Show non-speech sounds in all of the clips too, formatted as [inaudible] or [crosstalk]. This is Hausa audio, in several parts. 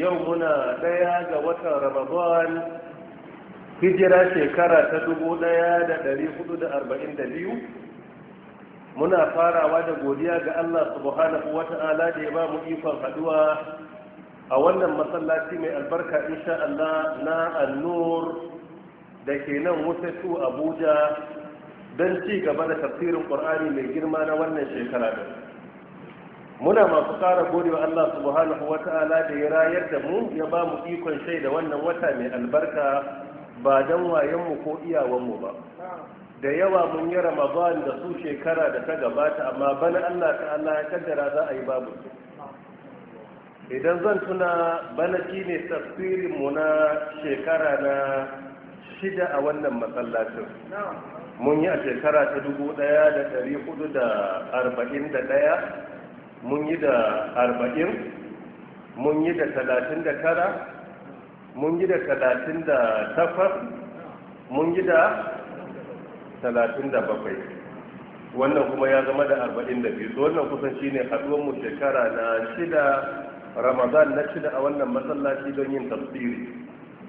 yau muna daya ga watan ramadan hijira shekara ta 1442 muna farawa da godiya ga Allah subhanahu wata'ala da ya ba mu ikon haduwa a wannan masallaci mai albarka insha Allah na annur da ke nan wutatu abuja don ci gaba da tafsirin ƙwar'ani mai girma na wannan shekara da muna masu ƙara godewa Allah subhanahu wa ta'ala da ya rayar da mu ya ba mu ikon shaida wannan wata mai albarka ba don mu ko iyawanmu ba da yawa mun yi ramadan da su shekara da ta gabata amma bana Allah ta'ala ya kaddara za a yi babu idan zan tuna bana shi ne mu na shekara na shida a wannan masallacin mun yi a shekara ta dubu ɗaya da hudu da arba'in da ɗaya mun yi da arba'in mun yi da talatin da tara mun yi da talatin da takwas mun yi da talatin da bakwai wannan kuma ya zama da arba'in da biyu so wannan kusan shi ne mu shekara na shida ramadan na shida a wannan matsalashi don yin tafsiri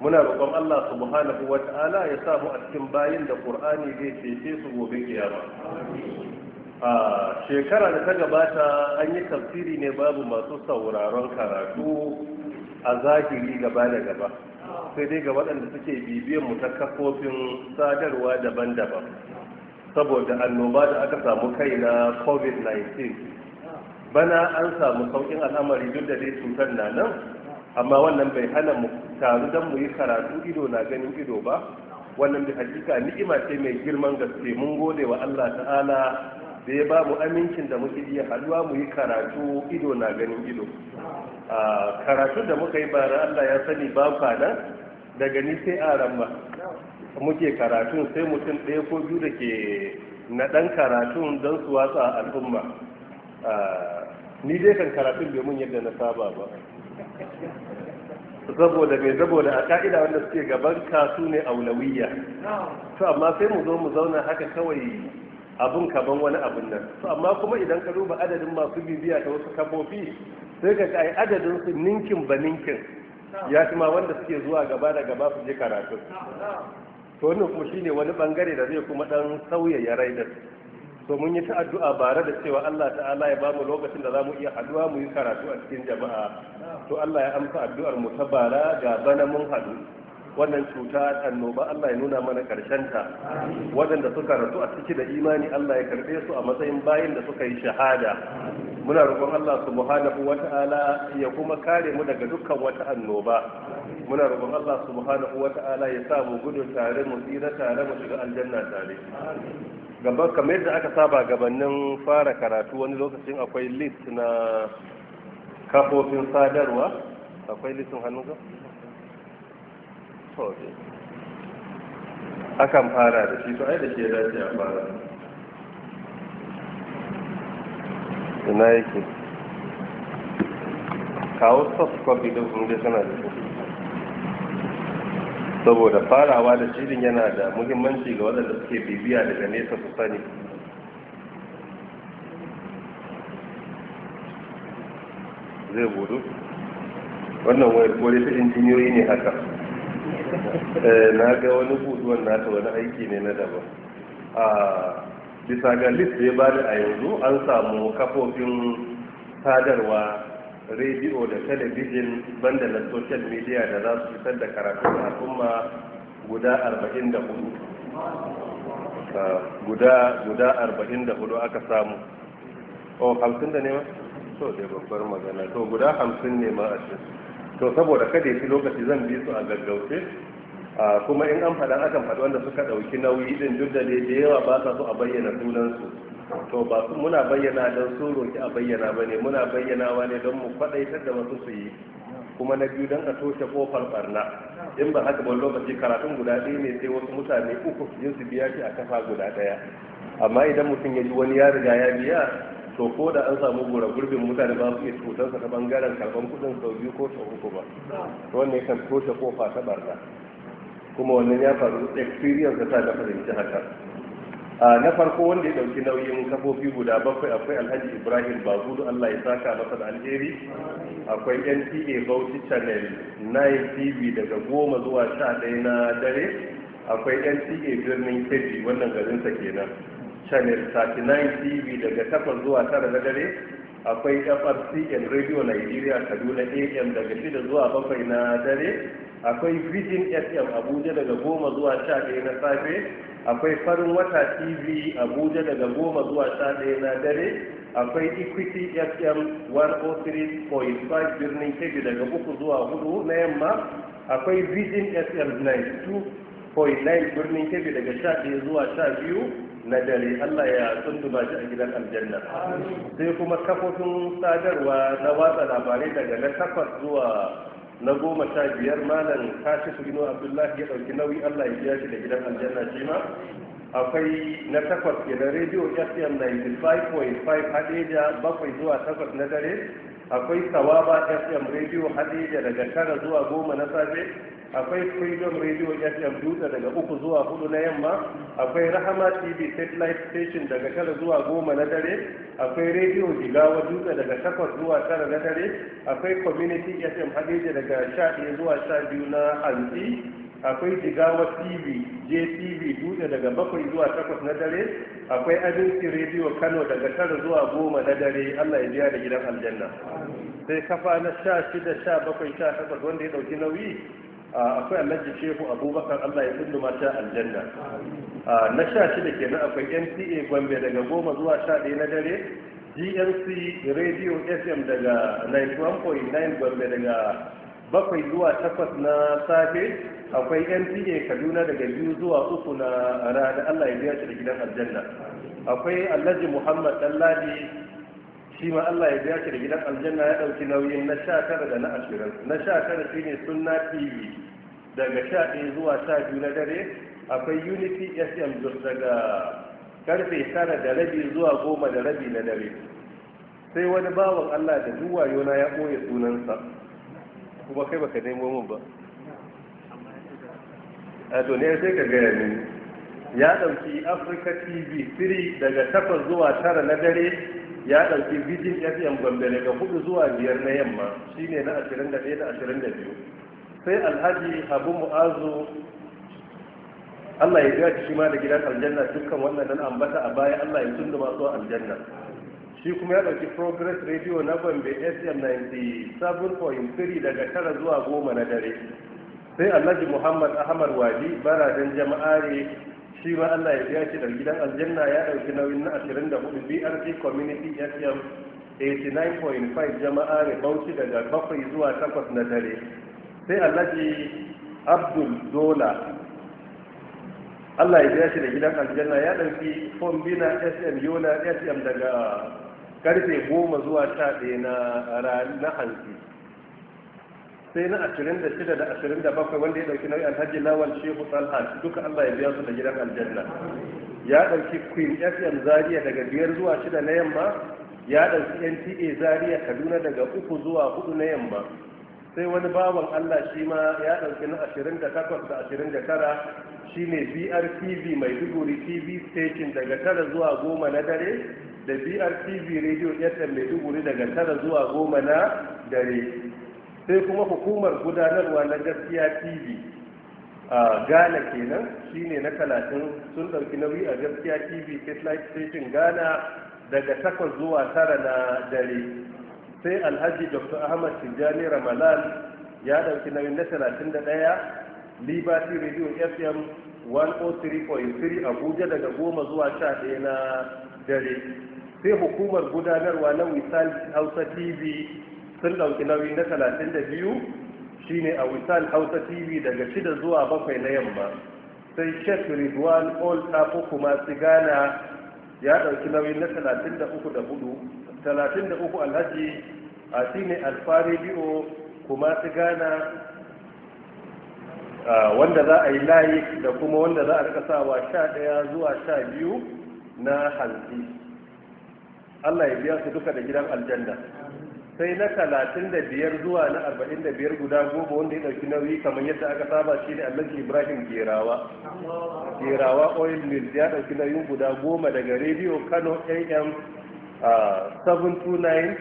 muna roƙon Allah subhanahu wa ta'ala ya samu a cikin bayin da ƙur'ani zai ce su gobe kiyama a shekara da ta gabata an yi tafsiri ne babu masu sauraron karatu a zahiri gaba da gaba sai dai ga waɗanda suke bibiyan mu ta kafofin sadarwa daban-daban saboda annoba da aka samu kai na covid-19 bana an samu sauƙin al'amari duk da dai cutar na nan amma wannan bai hana mu taru don mu yi karatu ido na ganin ido ba wannan da hakika ni'ima ce mai girman gaske mun gode wa Allah ta'ala da ya babu amincin da muke iya haduwa mu yi karatu ido na ganin ido a karatu da muka yi bara Allah ya sani ba kwana daga ni sai aran muke karatun sai mutum ɗaya ko biyu da ke na ɗan karatun don su watsa al'umma ni dai kan karatun bai mun yadda na saba ba saboda mai saboda a ka'ida wanda suke gaban kasu ne aulawiyya to amma sai mu zo mu zauna haka kawai abun kaban wani abun nan to amma kuma idan ka duba adadin masu bibiya ta wasu kafofi sai ka kai adadin su ninkin ba ninkin ya fi ma wanda suke zuwa gaba da gaba su je karatu to wannan kuma shine wani bangare da zai kuma dan ya raidar to mun yi ta addu'a bare da cewa Allah ta'ala ya bamu lokacin da za mu iya haduwa mu yi karatu a cikin jama'a to Allah ya amsa addu'ar mu ta bara ga bana mun haɗu wannan cuta annoba Allah ya nuna mana ta waɗanda suka rasu a ciki da imani Allah ya karɓe su a matsayin bayin da suka yi shahada muna roƙon Allah subhanahu wata'ala ya kuma kare mu daga dukkan wata annoba muna roƙon Allah subhanahu wata'ala ya sa mu gudu tare mu tsira tare mu shiga aljanna tare gaban kamar yadda aka saba gabanin fara karatu wani lokacin akwai list na kafofin sadarwa akwai listin hannun ka akan fara da shi to ai da shi ya dace a fara ina yake kawo soft copy da kuma suna da shi saboda farawa da shirin yana da muhimmanci ga waɗanda suke bibiya daga nesa su sani zai budu wannan wayar kore ta injiniyoyi ne haka Eh, na ga wani buduwan nata wani aiki ne na daban a bisa ga list da ya bani a yanzu an samu kafofin sadarwa rediyo da talabijin banda na social media da za su fitar da karatun al'umma guda 44 guda guda 44 aka samu o 50 da ne ma? so dai babbar magana to guda 50 ne ma a cikin to saboda kada ya fi lokaci zan bi su a gaggauce kuma in an faɗa akan faɗi wanda suka ɗauki nauyi ɗin duk da da yawa ba sa so a bayyana su. to ba su muna bayyana don su roki a bayyana ba ne muna bayyana bayyanawa ne don mu faɗaitar da wasu su yi kuma na biyu don a toshe kofar barna in ba haka ba lokaci karatun guda ɗaya ne sai wasu mutane uku su yi su biya shi a kafa guda ɗaya amma idan mutum ya ji wani ya riga ya biya to ko da an samu gura gurbin mutane ba su iya cutarsa ta bangaren karban kudin sau biyu ko sau uku ba wannan yakan toshe kofa ta barna kuma wannan ya faru experience da ta da fahimci haka A na farko wanda ya dauki nauyin kafofi guda bakwai akwai alhaji ibrahim babudu allah ya saka masa da alheri akwai nta bauchi channel 9 tv daga goma zuwa sha ɗaya na dare akwai nta birnin kebbi wannan garinsa kenan channel 39 tv daga 8 zuwa 9 na dare akwai frcn radio nigeria kaduna am daga 6 zuwa 7 na dare akwai vision fm abuja daga 10 zuwa 11 na safe akwai farin wata tv abuja daga 10 zuwa 11 na dare akwai equity fm 103.5 birnin kebbi daga 3 zuwa 4 na yamma akwai vision fm 92.9 birnin kebbi daga 11 zuwa 12 na dare Allah ya tuntuma shi a gidan aljanna sai kuma kafofin sadarwa na watsa labarai daga na takwas zuwa na goma sha biyar malam kashi su gino abdullahi ya ɗauki nauyi Allah ya biya shi da gidan aljanna shi ma akwai na takwas ke da rediyo fm 95.5 hadeja bakwai zuwa takwas na dare akwai sawaba fm rediyo hadeja daga tara zuwa goma na safe akwai freedom radio fm dutse daga uku zuwa hudu na yamma akwai rahama tv satellite station daga tara zuwa goma na dare akwai radio jigawa dutse daga takwas zuwa tara na dare akwai community fm hadeja daga sha ɗaya zuwa sha biyu na hanzi akwai jigawa tv jtv dutse daga bakwai zuwa takwas na dare akwai abinci radio kano daga tara zuwa goma na dare allah ya biya da gidan aljanna sai kafa na sha shida sha bakwai sha takwas wanda ya ɗauki nauyi Ah, akwai alhaji shehu abubakar allah ya kundu mata aljanna ah, na sha shida kenan akwai nca gombe daga goma zuwa sha ɗaya na dare gmc radio fm daga 91.9 gombe daga bakwai zuwa takwas na safe akwai nca kaduna daga biyu zuwa uku na rana allah ya biya shi da gidan aljanna akwai alhaji muhammad ɗanladi shi ma Allah ya biya shi da gidan aljanna ya ɗauki nauyin na sha tara da na ashirin na sha tara shi ne sunna tv daga sha ɗaya zuwa sha biyu na dare akwai unity sm daga karfe tara da rabi zuwa goma da rabi na dare sai wani bawan allah da zuwa na ya ɓoye sunansa kuma kai baka nemo mun ba a ya sai ka gaya ne ya ɗauki africa tv 3 daga takwas zuwa tara na dare ya ɗauki bijin fm gombe daga hudu zuwa biyar na yamma shine na 21 da 22 sai alhaji abu mu'azu Allah ya biya shi ma da gidan aljanna dukkan wannan dan ambata a baya Allah ya tunda masu aljanna shi kuma ya ɗauki progress radio na Gombe FM 97.3 daga tara zuwa goma na dare sai Alhaji Muhammad Ahmad Wadi baradan jama'are shi ma Allah ya biya shi da gidan aljanna ya dauki nauyin na 24 BRC Community sm 89.5 jama'are Bauchi daga bakwai zuwa takwas na dare sai alhaji abdul dola allah ya biya shi da gidan aljanna ya ɗauki fombina sm yola sm daga karfe goma zuwa sha ɗaya na hanzi. sai na 26 da 27 wanda ya ɗauki nauyi alhaji lawal shehu talha duka allah ya biya su da gidan aljanna ya ɗauki queen sm zaria daga biyar zuwa shida na yamma ya ɗauki nta zaria kaduna daga uku zuwa hudu na yamma sai wani bawan Allah shi ma ya ɗauki na 28 da 29 shi ne brtv mai duguri tv station daga tara zuwa goma na dare da brtv radio fm mai duguri daga tara zuwa goma na dare sai kuma hukumar gudanarwa na gaskiya tv a ghana kenan shine na 30 sun ɗauki nauyi a gaskiya tv satellite station ghana daga takwas zuwa tara na dare sai alhaji dr ahmad tijjani ramalan ya ɗauki nauyin na 31 liberty radio fm 103.3 abuja daga goma zuwa 11 na dare sai hukumar gudanarwa na wisal hausa tv sun ɗauki nauyin na 32 shine a wisal hausa tv daga 6 zuwa 7 na yamma sai sheikh ridwan old tafi kuma sigana ya ɗauki nauyin na talatin da uku da alhaji a shi ne alfari biyo kuma su gana wanda za a yi layi da kuma wanda za a rika sawa sha ɗaya zuwa sha biyu na hantsi Allah ya biya su duka da gidan aljanna sai na talatin da biyar zuwa na arba'in da biyar guda goma wanda ya ɗauki nauyi kamar yadda aka saba shi da allah ibrahim gerawa gerawa oil mills ya ɗauki nauyin guda goma daga rediyo kano am 729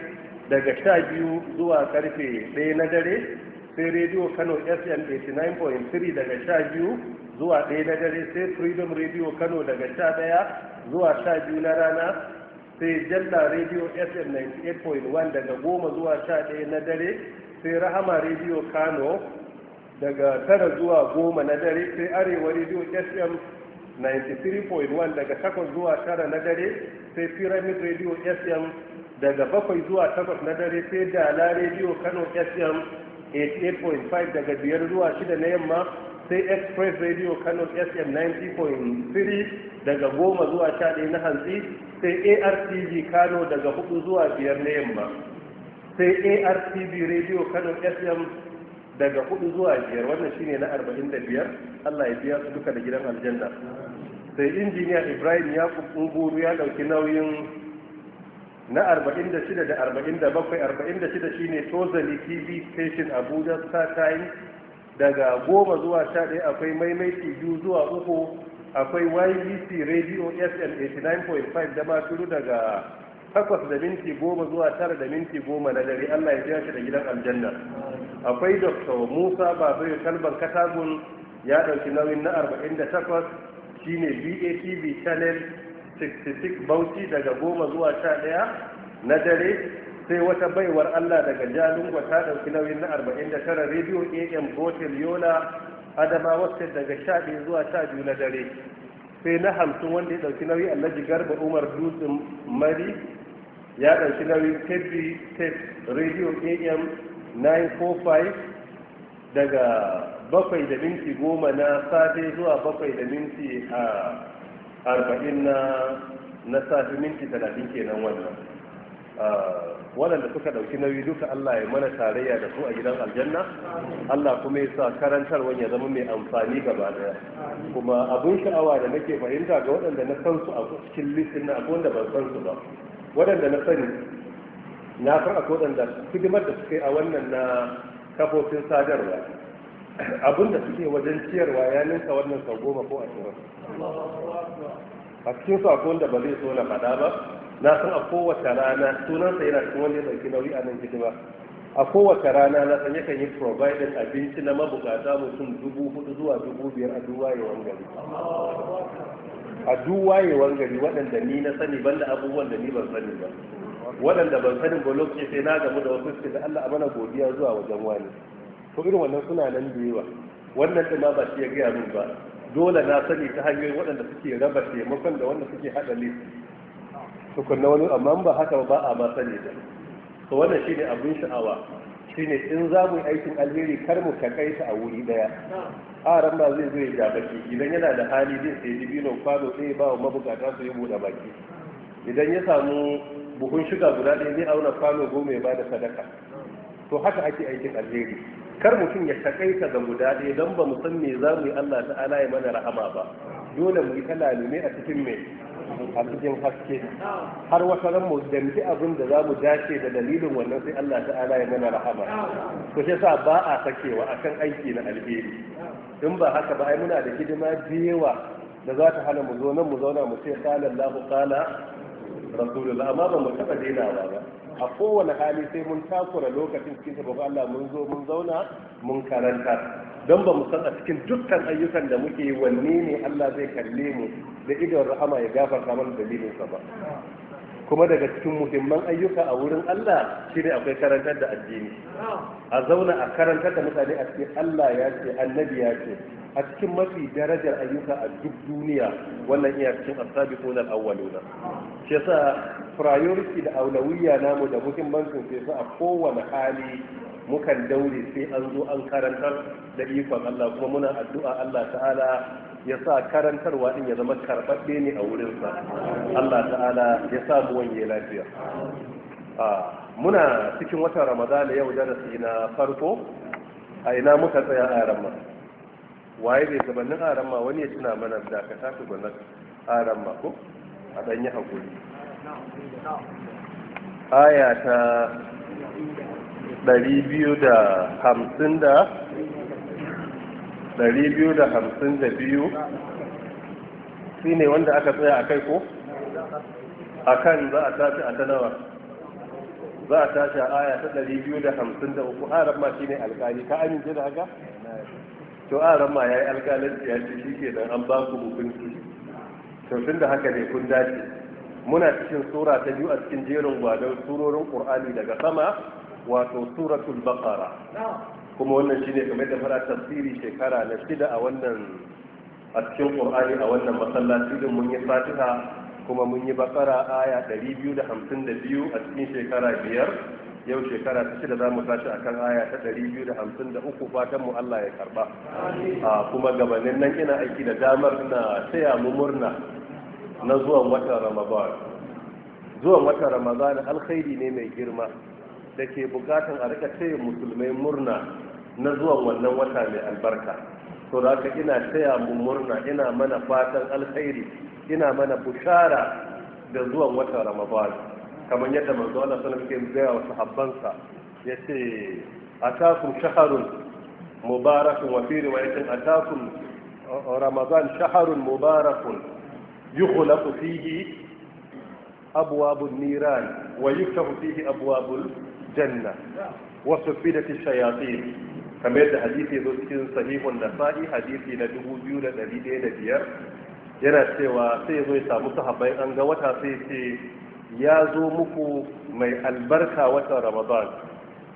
daga sha biyu zuwa karfe ɗaya na dare sai rediyo kano fm 89.3 daga sha biyu zuwa ɗaya na dare sai freedom radio kano daga sha ɗaya zuwa sha biyu na rana sai jalla radio fm 98.1 daga goma zuwa sha ɗaya na dare sai rahama radio kano daga tara zuwa goma na dare sai arewa radio fm 93.1 daga takwas zuwa tara na dare sai pyramid radio fm daga bakwai zuwa takwas na dare sai dala radio kano fm 88.5 daga biyar zuwa shida na yamma sai express radio kano sm 90.3 daga goma zuwa sha na hantsi sai artv kano daga hudu zuwa biyar na yamma sai artv radio kano sm daga hudu zuwa biyar wannan shine na arba'in da biyar allah ya biya su duka da gidan aljanna sai injiniya ibrahim ya kunguru ya dauki nauyin na 46 da 47 46 shine tozali tv station abuja star time daga goma zuwa sha ɗaya akwai maimaiti biyu zuwa uku akwai ybc radio sm 89.5 da masu daga takwas da minti goma zuwa tara da minti goma na dare allah ya biya shi da gidan aljanna akwai dr musa babayo kalban katagun ya ɗauki nauyin na 48 shine batv channel 66 bauchi daga goma zuwa sha ɗaya na dare sai wata baiwar Allah daga jalungwa ta ɗauki nauyin na 49 rediyo am hotel yola adama wasu daga 11 zuwa 12 na dare sai na hamsin wanda ya ɗauki nauyi alhaji garba umar dutsen mari ya ɗauki nauyi kebbi tape radio am 945 daga bakwai da minti goma na safe zuwa bakwai da minti a arba'in na na safe minti talatin kenan wannan ah, waɗanda suka ɗauki nauyi duka Allah ya mana tarayya da su a gidan aljanna Allah kuma ya sa karantarwa ya zama mai amfani gaba daya kuma abin sha'awa da nake fahimta ga waɗanda na san su a cikin listin na akwai wanda ban san su ba waɗanda na sani na san akwai waɗanda hidimar da suke a wannan na kafofin sadarwa abin da suke wajen ciyarwa ya ninka wannan sau goma ko ashirin a cikin su akwai wanda ba zai so na faɗa ba na san a kowace rana sunansa yana cikin wanda ya ɗauki nauyi a nan hidima a kowace rana na san yakan yi providing abinci na mabukata mutum dubu hudu zuwa dubu biyar a duwayewan gari a duwayewan gari waɗanda ni na sani da abubuwan da ni ban sani ba waɗanda ban sani ba lokaci sai na gamu da wasu suke da Allah a mana godiya zuwa wajen wani to irin wannan suna nan da yawa wannan ɗin ma ba shi ya gaya min ba dole na sani ta hanyoyin waɗanda suke raba taimakon da wanda suke haɗa list tukunna wani amma ba haka ba a ma sani da to wannan shine abin sha'awa shine in za mu yi aikin alheri kar mu takaita a wuri daya a ran ba zai zai da baki idan yana da hali zai sai dibino kwano sai ba wa mabukata su yi buɗe baki idan ya samu buhun shiga guda ɗaya zai auna kwano goma ya ba sadaka to haka ake aikin alheri kar mutum ya takaita ga guda ɗaya don ba mu san me za mu yi Allah ta'ala ya mana rahama ba dole mu yi kalalume a cikin mai a cikin haske har wata ran mu danci abin da za mu dace da dalilin wannan sai Allah ta'ala ya mana rahama to shi sa ba a sakewa akan aiki na alheri in ba haka ba ai muna da hidima biyewa da za ta hana mu zo nan mu zauna mu ce qala Allahu qala rasulullah amma ba mu taba dainawa ba a kowane hali sai mun takura lokacin cikin sabon Allah mun zo mun zauna mun karanta don ba mu san a cikin dukkan ayyukan da muke yi wanne ne Allah zai kalle mu da idon rahama ya gafarta mana dalilinsa ba kuma daga cikin muhimman ayyuka a wurin Allah shine akwai karantar da addini a zauna a karantar da mutane a cikin Allah ya ce annabi ya ce a cikin mafi darajar ayyuka a duk duniya wannan iya cikin asabiqun al-awwaluna shi yasa priority da aulawiyya namu da muhimmancin sai su a kowane hali mukan daure sai an zo an karantar da ikon Allah kuma muna addu'a Allah ta'ala ya sa karantarwa din ya zama karɓaɓɓe ne a wurinsa Allah ta'ala ya sa mu wanye lafiya muna cikin watan ramadana yau darasi na farko a ina muka tsaya a ramar waye bai gabanin aran wani ya tuna mana da ka tafi gwanar aran ko a yi haƙuri aya ta 250 da 252 shi ne wanda aka tsaya a kai ko? a kan za a tafi a tanawa za a tashi a aya ta 253 arab ma shi ne alƙali ka amince da haka? to a ya yi alƙalanci ya ce shi ke an ba ku hukunci to da haka ne kun dace muna cikin sura ta biyu a cikin jerin gwadon surorin qur'ani daga sama wato suratul baqara kuma wannan shine kamar da fara tafsiri shekara na shida a wannan a cikin qur'ani a wannan masallaci din mun yi fatiha kuma mun yi baqara aya 252 a cikin shekara biyar yau shekara ta shida za mu tashi a kan aya ta ɗari biyu da hamsin da uku fatan mu Allah ya karba kuma gabanin nan ina aiki da damar na taya mu murna na zuwan watan ramadan zuwan watan ramadan alkhairi ne mai girma da ke bukatan a rika taya musulmai murna na zuwan wannan wata mai albarka to da ina taya mu murna ina mana fatan alkhairi ina mana bushara da zuwan watan ramadan kamar yadda manzo Allah sallallahu alaihi wasallam ya wa sahabbansa yace atakum shahrun mubarakun wa fi riwayatin atakum ramadan shahrun mubarakun yughlaqu fihi abwabun niran wa yuftahu fihi abwabul janna wa sufidatish shayatin kamar yadda hadisi zo cikin sahihun nasa'i hadisi na 2105 yana cewa sai ya zo ya samu sahabbai an ga wata sai ce ya zo muku mai albarka watan ramadan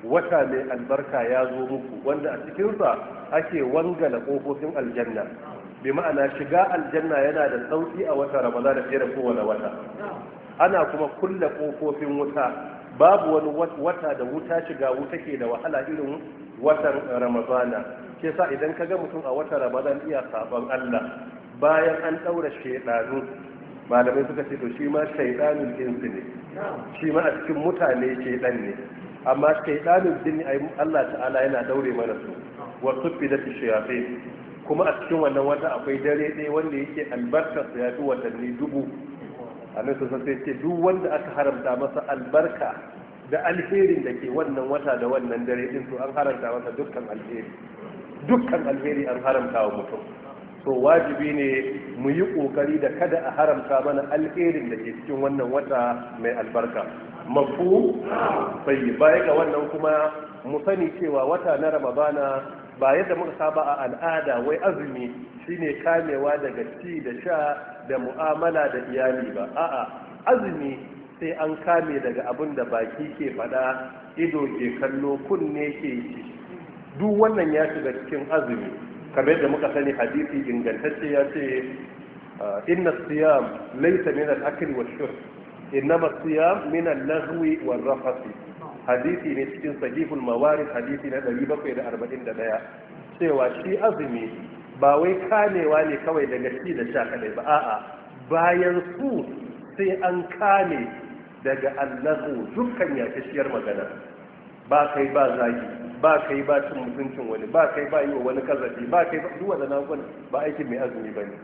wata mai albarka ya zo muku wanda a cikinsa ake wangala ƙofofin aljanna bi ma'ana shiga aljanna yana da sauki a wata ramadan da fiye da kowane wata ana kuma kulle kofofin wuta babu wani wata da wuta shiga wuta ke da wahala irin watan ramadana ke sa idan ka ga mutum a watan ramadan iya sabon allah bayan an ɗaura shedanu malamai suka ce to shi ma shaidanul insu ne shi ma a cikin mutane shaidan ne amma shaidanul jini, ai Allah ta'ala yana daure mana su wa sufidati shayatin kuma a cikin wannan wata akwai dare ɗaya wanda yake albarkar sa yafi watanni dubu annabi sun sai ce duk wanda aka haramta masa albarka da alherin da ke wannan wata da wannan dare din an haramta masa dukkan alheri dukkan alheri an haramta wa mutum to wajibi ne mu yi kokari da kada a haramta mana alherin da ke cikin wannan wata mai albarka mafu bai baya ga wannan kuma mu sani cewa wata na ramadana ba yadda muka saba a al'ada wai azumi shine kamewa daga ci da sha da mu'amala da iyali ba a'a azumi sai an kame daga abin da baki ke faɗa ido ke kallo kunne ke duk wannan ya shiga cikin azumi kamar da muka sani hadisi ingantacce ya ce ah, inna siyam laysa min al-akl wa shurb innama siyam min al-lahwi wa rafasi hadisi ne cikin sahihul mawarid hadisi na 741 cewa shi azumi ba wai kamewa ne kawai daga shi da sha kadai ba a'a bayan su sai an kame daga allahu dukkan yakashiyar magana ba kai ba zagi ba kai ba cin mutuncin wani ba kai ba yi wa wani kazafi ba kai ba duk wadannan abubuwan ba aikin mai azumi ba ne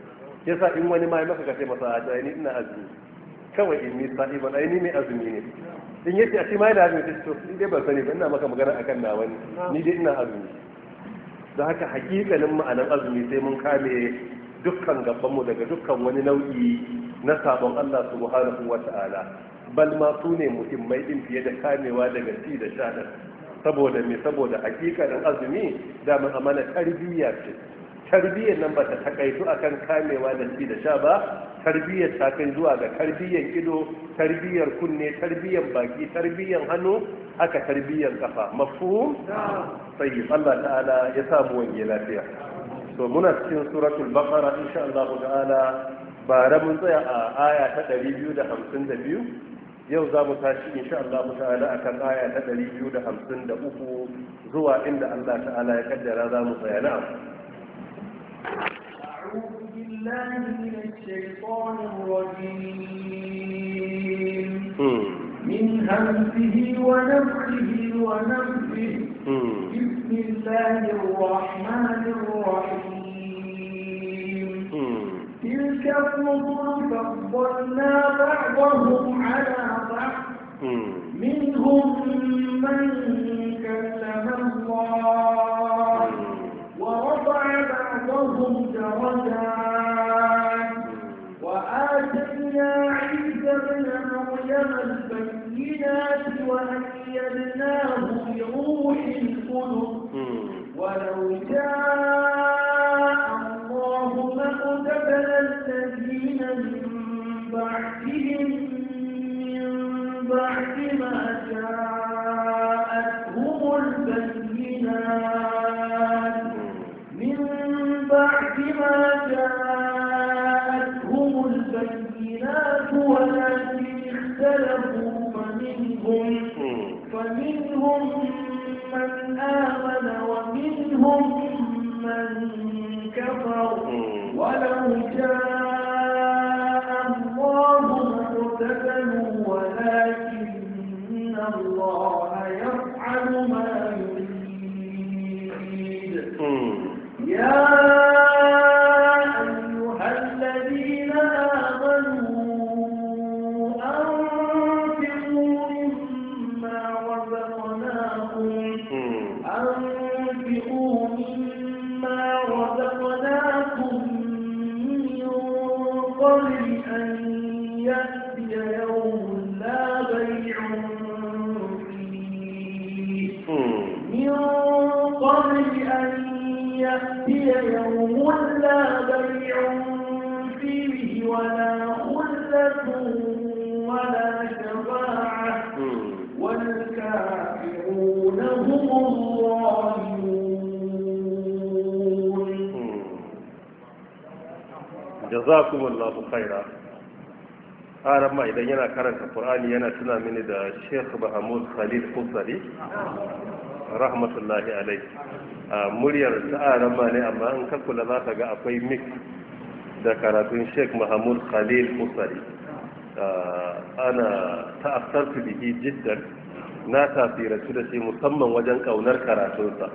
yasa in wani ma ya maka kace masa a ni ina azumi kawai in ni sa'iban ai ni mai azumi ne in yace a ce ma da azumi to ni dai ban sani ba ina maka magana akan na wani ni dai ina azumi da haka hakikanin ma'anar azumi sai mun kame dukkan gabanmu daga dukkan wani nau'i na sabon Allah subhanahu wa ta'ala bal ma su ne muhimmai din fiye da kamewa daga ci da sha saboda mai saboda hakikanin azumi da mun amana tarbiyya ce tarbiyyar nan ba ta takaitu kan kamewa da ci da sha ba tarbiyyar ta kai zuwa ga tarbiyyar ido tarbiyyar kunne tarbiyyar baki tarbiyyar hannu haka tarbiyyar kafa mafhum sai Allah ta'ala ya samu wange lafiya so muna cikin suratul baqara insha Allah ta'ala bara mun tsaya a aya ta 252 yau za mu tashi sha Allah ta'ala kan aya ta 253 zuwa inda Allah ta'ala ya kaddara za mu tsaya na'am من الشيطان الرجيم من بسم الله الرحمن الرحيم تلك الرسل فضلنا بعضهم على بعض منهم من كلم الله ورفع بعضهم درجات وآتينا عيسى ابن مريم البينات وأيدناه بروح القدس ولو جاء بعدهم من بعد ما جاءتهم البينات من بعد ما جاءتهم البينات ولكن اختلفوا فمنهم فمنهم من آمن ومنهم من كفر ولو الله يفعل ما يريد يا jazakumullahu khaira aran ah, ma idan yana karanta qur'ani yana tuna mini da Sheikh Mahmud Khalil Qusari rahmatullahi alayhi ah, muryar ta aran ah, ne amma in ka kula za ka ga akwai mix da karatun Sheikh Mahmud Khalil Qusari ana ta'assartu bihi jiddan na su da shi musamman wajen kaunar karatunsa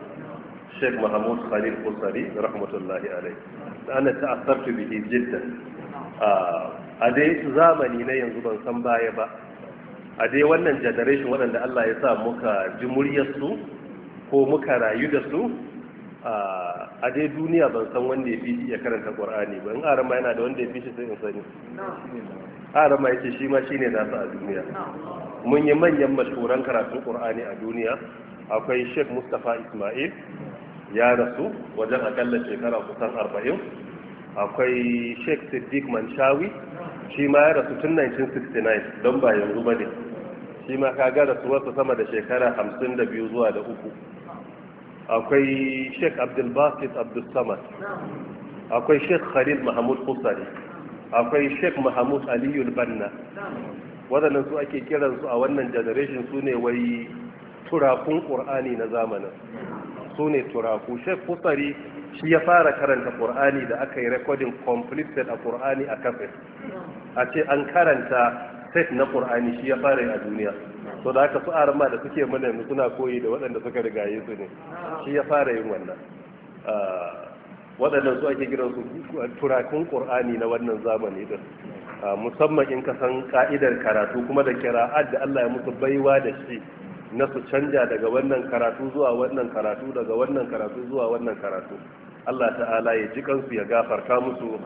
Sheikh Mahmud Khalil Qusari rahmatullahi alayhi ana ta'assartu bi jiddan a dai zamani na yanzu ban san baya ba a dai wannan generation waɗanda Allah ya sa muka ji muryarsu ko muka rayu da su a dai duniya ban san wanda ya fi ya karanta ƙwar'ani ba in arama yana da wanda ya fi shi sai in sani arama ya ce shi ma shine nasu a duniya mun yi manyan mashuran karatun ƙwar'ani a duniya akwai sheikh mustapha ismail ya rasu wajen akalla shekara kusan arba'in akwai sheikh siddiq manchawi shi ma ya rasu tun 1969 don ba yanzu ba ne shi ma ka ga wasu sama da shekara 52 zuwa da uku akwai sheikh abdulbasit abdulsamad akwai sheikh khalil mahmud kusari akwai sheikh mahmud aliyu banna waɗannan su ake kiransu a wannan generation su ne wai turakun ƙur'ani na zamanin su ne turaku shek kusari shi ya fara karanta ƙur'ani da aka yi rekodin completed a ƙur'ani a kafin a ce an karanta set na ƙur'ani shi ya fara yi a duniya so da aka su arama da suke mana yanzu suna koyi da waɗanda suka riga yi su ne shi ya fara yin wannan ah, waɗannan su ake gidan su turakun ƙur'ani na wannan zamani din ah, musamman in ka san ka'idar karatu kuma da kira'ad da Allah ya musu baiwa da shi na su canja daga wannan karatu zuwa wannan karatu daga wannan karatu zuwa wannan karatu Allah ta'ala ya ji kansu ya gafarta musu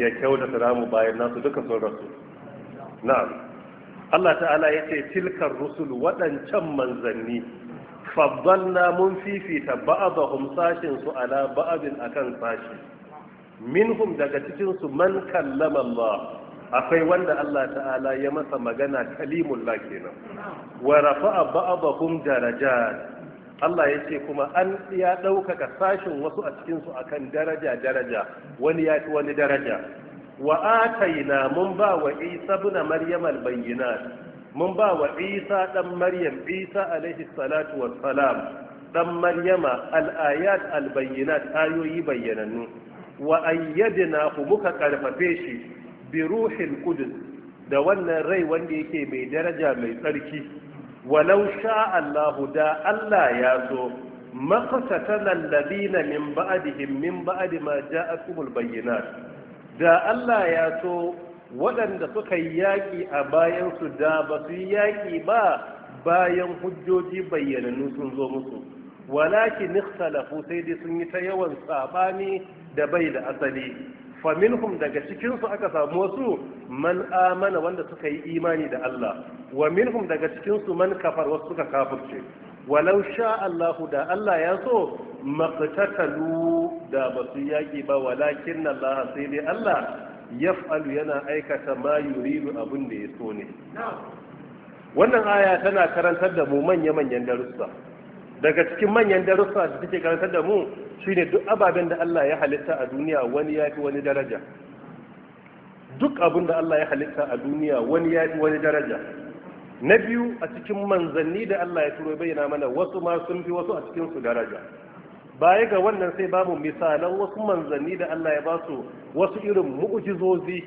ya kyautata ramu bayan nasu duka sun rasu na'am Allah ta'ala ya ce tilkar rusul waɗancan manzanni faddalna mun fifita ba'dahum sashin su ala ba'din akan sashi minhum daga cikin su man kallama Allah akwai wanda Allah ta'ala ya masa magana kalimullah kenan wa rafa'a ba'dahum darajat Allah ya ce kuma an ya ɗaukaka sashin wasu a su akan daraja daraja wani ya wani daraja wa ataina mun ba wa Isa ibn Maryam al-bayyinat mun ba wa Isa dan Maryam Isa alaihi salatu wassalam dan Maryama al-ayat al-bayyinat ayoyi bayyanannu wa ayyadna muka karfafe shi Biruhin ruhil da wannan rai wanda yake mai daraja mai tsarki walau sha Allah da Allah ya so maqsatan alladhina min ba'dihim min ba'adi ma ja'atuhul bayyinat da Allah ya so waɗanda suka yi yaƙi a bayansu da ba su yi yaƙi ba bayan hujjoji bayyananu sun zo musu Walaki nikhtalafu sai dai sun yi ta yawan saɓani da bai da asali faminhum daga cikinsu aka samu wasu man amana wanda suka yi imani da Allah wa minhum daga cikinsu man kafar wasu suka kafirce walau sha Allahu da Allah ya so maqtatalu da basu yaki ba walakin Allah sai dai Allah yaf'alu yana aikata ma yuridu abin da ya so ne wannan aya tana karantar da mu manya-manyan darussa daga cikin manyan darussa da take karantar da mu shine duk ababen da Allah ya halitta a duniya wani yafi wani daraja duk abin da Allah ya halitta a duniya wani yafi wani daraja na biyu a cikin manzanni da Allah ya turo bayyana mana wasu ma sun fi wasu a cikin su daraja baya ga wannan sai babu misalan wasu manzanni da Allah ya ba su wasu irin mu'jizozi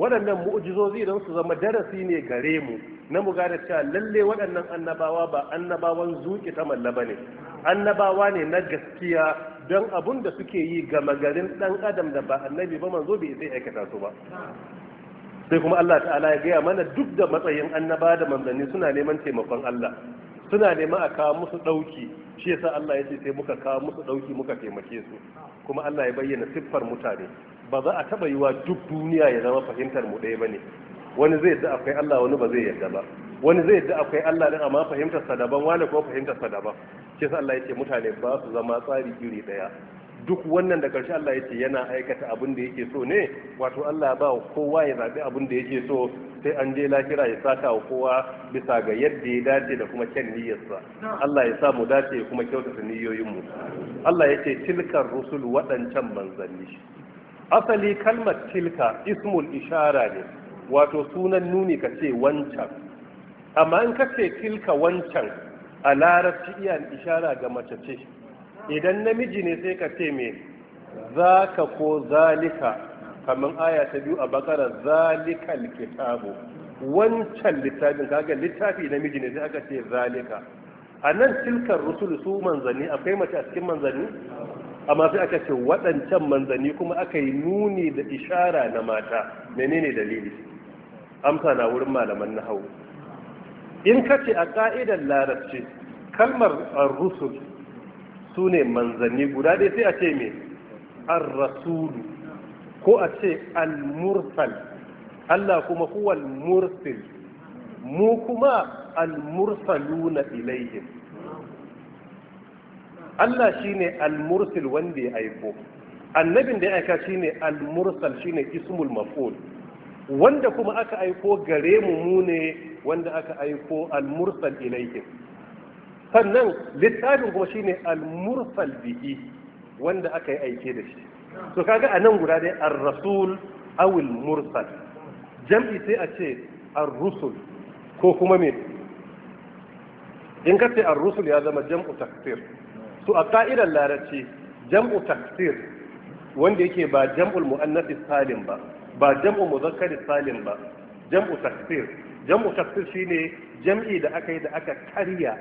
waɗannan mu'jizozi don su zama darasi ne gare mu na mu gane cewa lalle waɗannan annabawa ba annabawan zuƙi ta mallaba ne annabawa ne na gaskiya don abun da suke yi ga magarin ɗan adam da ba annabi ba manzo bai zai aikata su ba sai kuma Allah ta'ala ya gaya mana duk da matsayin annaba da manzanni suna neman taimakon Allah suna neman a kawo musu ɗauki shi yasa Allah ya ce sai muka kawo musu ɗauki muka taimake su kuma Allah ya bayyana siffar mutane ba za a taba wa duk duniya ya zama fahimtar mu ɗaya bane wani zai yadda akwai Allah wani ba zai yadda ba wani zai yadda akwai Allah din amma fahimtar sa daban wani kuma fahimtar sa daban shi yasa Allah yake mutane ba su zama tsari iri daya duk wannan da karshe Allah yake yana aikata abin da yake so ne wato Allah ba kowa ya zabi abin da yake so sai an je lahira ya saka wa kowa bisa ga yadda ya dace da kuma kyan niyyarsa Allah ya sa mu dace kuma kyautata mu Allah yake tilkar rusul waɗancan manzanni asali kalmar tilka ismul ishara ne wato sunan nuni ka ce wancan amma in ka ce tilka wancan a larabci iya ishara ga mace ce idan namiji ne sai ka ce me ka ko zalika kamar aya ta biyu a bakara zalikal kitabu wancan littafin kaga littafi namiji ne sai aka ce zalika a nan tilkar rusul su manzanni akwai mace a cikin manzanni amma sai aka ce waɗancan manzanni kuma aka yi nuni da ishara na mata menene dalili amsa na wurin malaman na hau in ka ce a ƙa'idar larabci kalmar rusul su ne manzanni guda ɗaya sai a ce me ar-rasulu ko a ce al-mursal Allah kuma huwal mursal mu kuma al na ilaihim Allah shine al-mursil wanda ya aiko annabin da ya aika shine al-mursal shine ismul maf'ul wanda kuma aka aiko gare mu mu wanda aka aiko al-mursal ilayhim sannan littafin kuma shine al-mursal bihi wanda aka yi aike da shi to kaga a nan guda dai ar-rasul aw al-mursal jam'i sai a ce ar-rusul ko kuma me in ka ce ar-rusul ya zama jam'u takfir to a ka'idar larabci jam'u taksir wanda yake ba jam'ul mu'annas salim ba ba jam'u muzakkar salim ba jam'u taksir jam'u taksir shine jam'i da aka yi da aka karya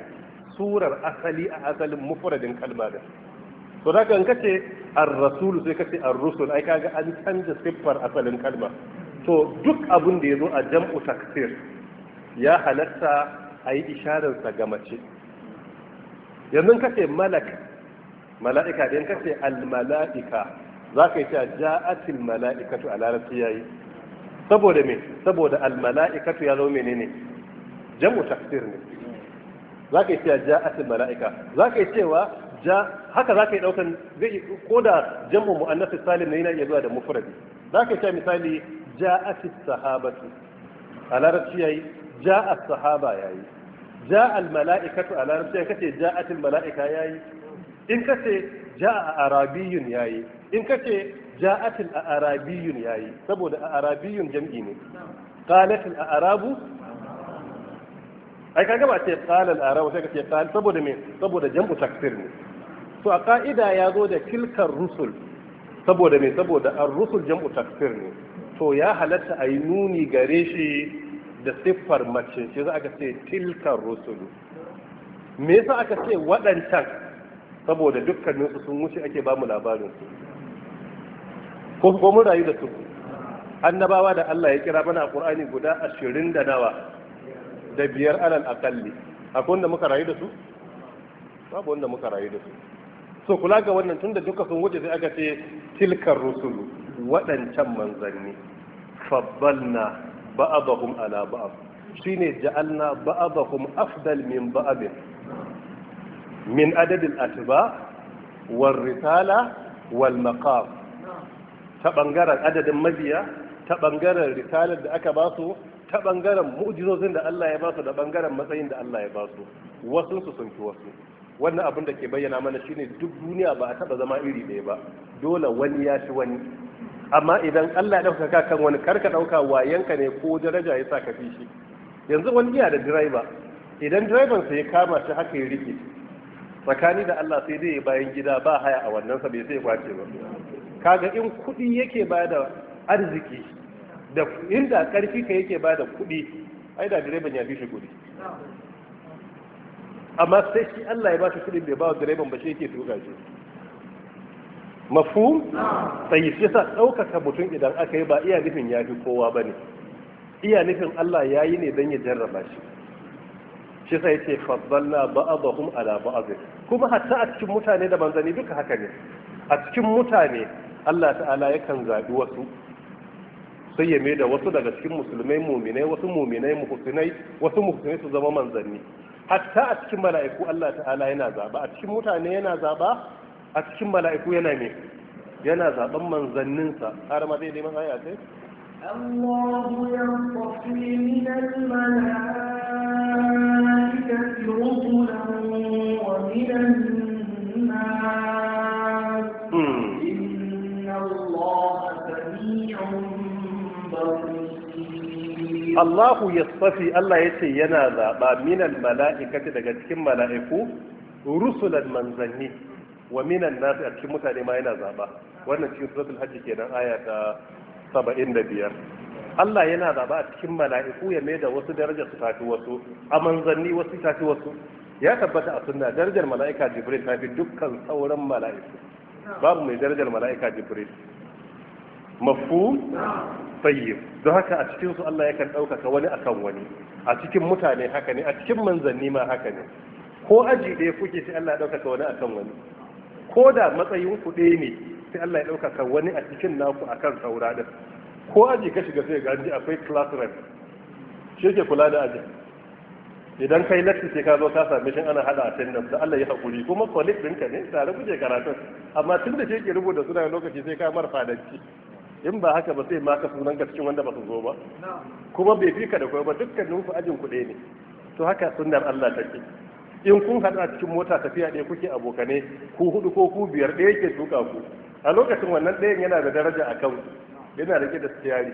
surar asali a asalin mufradin kalma da to da kan kace ar-rasul sai kace ar-rusul ai kaga an canza siffar asalin kalma to duk abin da yazo a jam'u taksir ya halatta ayi yi isharar sa ga mace yanzu kace malak mala'ika da kace al-mala'ika za ka yi cewa ja'atil mala'ikatu a larabci yayi saboda me saboda al-mala'ikatu ya zo menene jam'u tafsir ne za ka yi cewa ja'atil mala'ika za ka yi cewa ja haka za ka yi daukan zai ko da jam'u mu'annas salim ne yana iya zuwa da mufradi za ka yi cewa misali ja'atis sahabatu a larabci yayi ja'at sahaba yayi ja al mala'ikatu a larabci ka ce ja'atil mala'ika yayi in ka ce ja'a arabiyun yayi in ka ce ja'atil arabiyun yayi saboda arabiyun jam'i ne al arabu ai kaga ba ce qala al arabu sai ka ce saboda me saboda jam'u takfir ne to a ka'ida ya zo da tilkar rusul saboda me saboda ar rusul jam'u takfir ne to ya halatta ayi nuni gare shi da siffar mace shi za aka ce tilkan rusulu me yasa aka ce waɗancan saboda dukkaninsu sun wuce ake ba mu labarin su ko ko mun rayu da su annabawa da Allah ya kira mana a Qur'ani guda 20 da nawa da biyar alal akalli akwai wanda muka rayu da su babu wanda muka rayu da su so kula ga wannan tunda duka sun wuce sai aka ce tilkan rusulu waɗancan manzanni fabbalna ba'adahum ala ba'ad shine ja'alna ba'adahum afdal min ba'ad min adad al-atba wal risala wal maqam ta bangaren adadin mabiya ta bangaren risalar da aka basu, su ta bangaren mu'jizozin da Allah ya basu, da bangaren matsayin da Allah ya basu, su wasu su sun fi wasu wannan abin da ke bayyana mana shine duk duniya ba a taba zama iri ɗaya ba dole wani ya shi wani amma idan Allah ya ka kan wani karka ɗauka wayanka ne ko daraja ya sa ka fi shi yanzu wani yana da direba idan direban sai ya kama shi haka ya rike tsakani da Allah sai zai bayan gida ba haya a wannan sa bai sai kwace ba kaga in kuɗi yake ba da arziki da inda karfi ka yake ba da kuɗi ai da direban ya fi shi kuɗi amma sai shi Allah ya ba shi kuɗin bai ba direban ba shi yake tuka shi mafhum sai shi sa ɗaukaka mutum idan aka yi ba iya nufin ya fi kowa ba ne iya nufin Allah ya yi ne don ya jarraba shi shi sai ce faddalna ba'adahum ala ba'adhi kuma hatta a cikin mutane da manzani duka haka ne a cikin mutane Allah ta'ala yakan zabi wasu sai ya mai da wasu daga cikin musulmai muminai wasu muminai muhsinai wasu muhsinai su zama manzanni hatta a cikin mala'iku Allah ta'ala yana zaba a cikin mutane yana zaba a cikin mala'iku yana ne yana zaben manzanninsa har ma zai neman aya sai Allahu ya fafi min al-mala'ika rusula wa min hmm. Allahu ya safi Allah ya ce yana zaɓa minan mala’ikati daga cikin mala’iku rusulan manzanni wa minan nasi a cikin mutane ma yana zaba wannan cikin suratul hajj kenan aya ta 75 Allah yana zaba a cikin mala'iku ya mai da wasu daraja su tafi wasu a manzanni wasu tafi wasu ya tabbata a sunna darajar mala'ika jibril tafi dukkan sauran mala'iku babu mai darajar mala'ika jibril mafu tsayyib don haka a cikin su Allah yakan ɗaukaka wani akan wani a cikin mutane haka ne a cikin manzanni ma haka ne ko aji ɗaya kuke shi Allah ya ɗaukaka wani akan wani ko da matsayin ku ɗaya ne sai Allah ya ɗaukaka wani a cikin naku kan saura ɗin ko aji ka shiga sai ga ji akwai class rep shi ke kula da aji idan kai lakci sai ka zo ka same shi ana hada attendance da Allah ya hakuri kuma colleague ɗinka ne tare kuje karatun amma tun da shi rubuta suna lokaci sai ka mar fadanci in ba haka ba sai maka sunan ka cikin wanda ba su zo ba kuma bai fika da kuma ba dukkanin ku ajin ku ɗaya ne to haka sunnar Allah take in kun haɗu a cikin mota tafiya ɗaya kuke abokane ku hudu ko ku biyar ɗaya yake tuka ku a lokacin wannan ɗayan yana da daraja a kan yana rike da siyari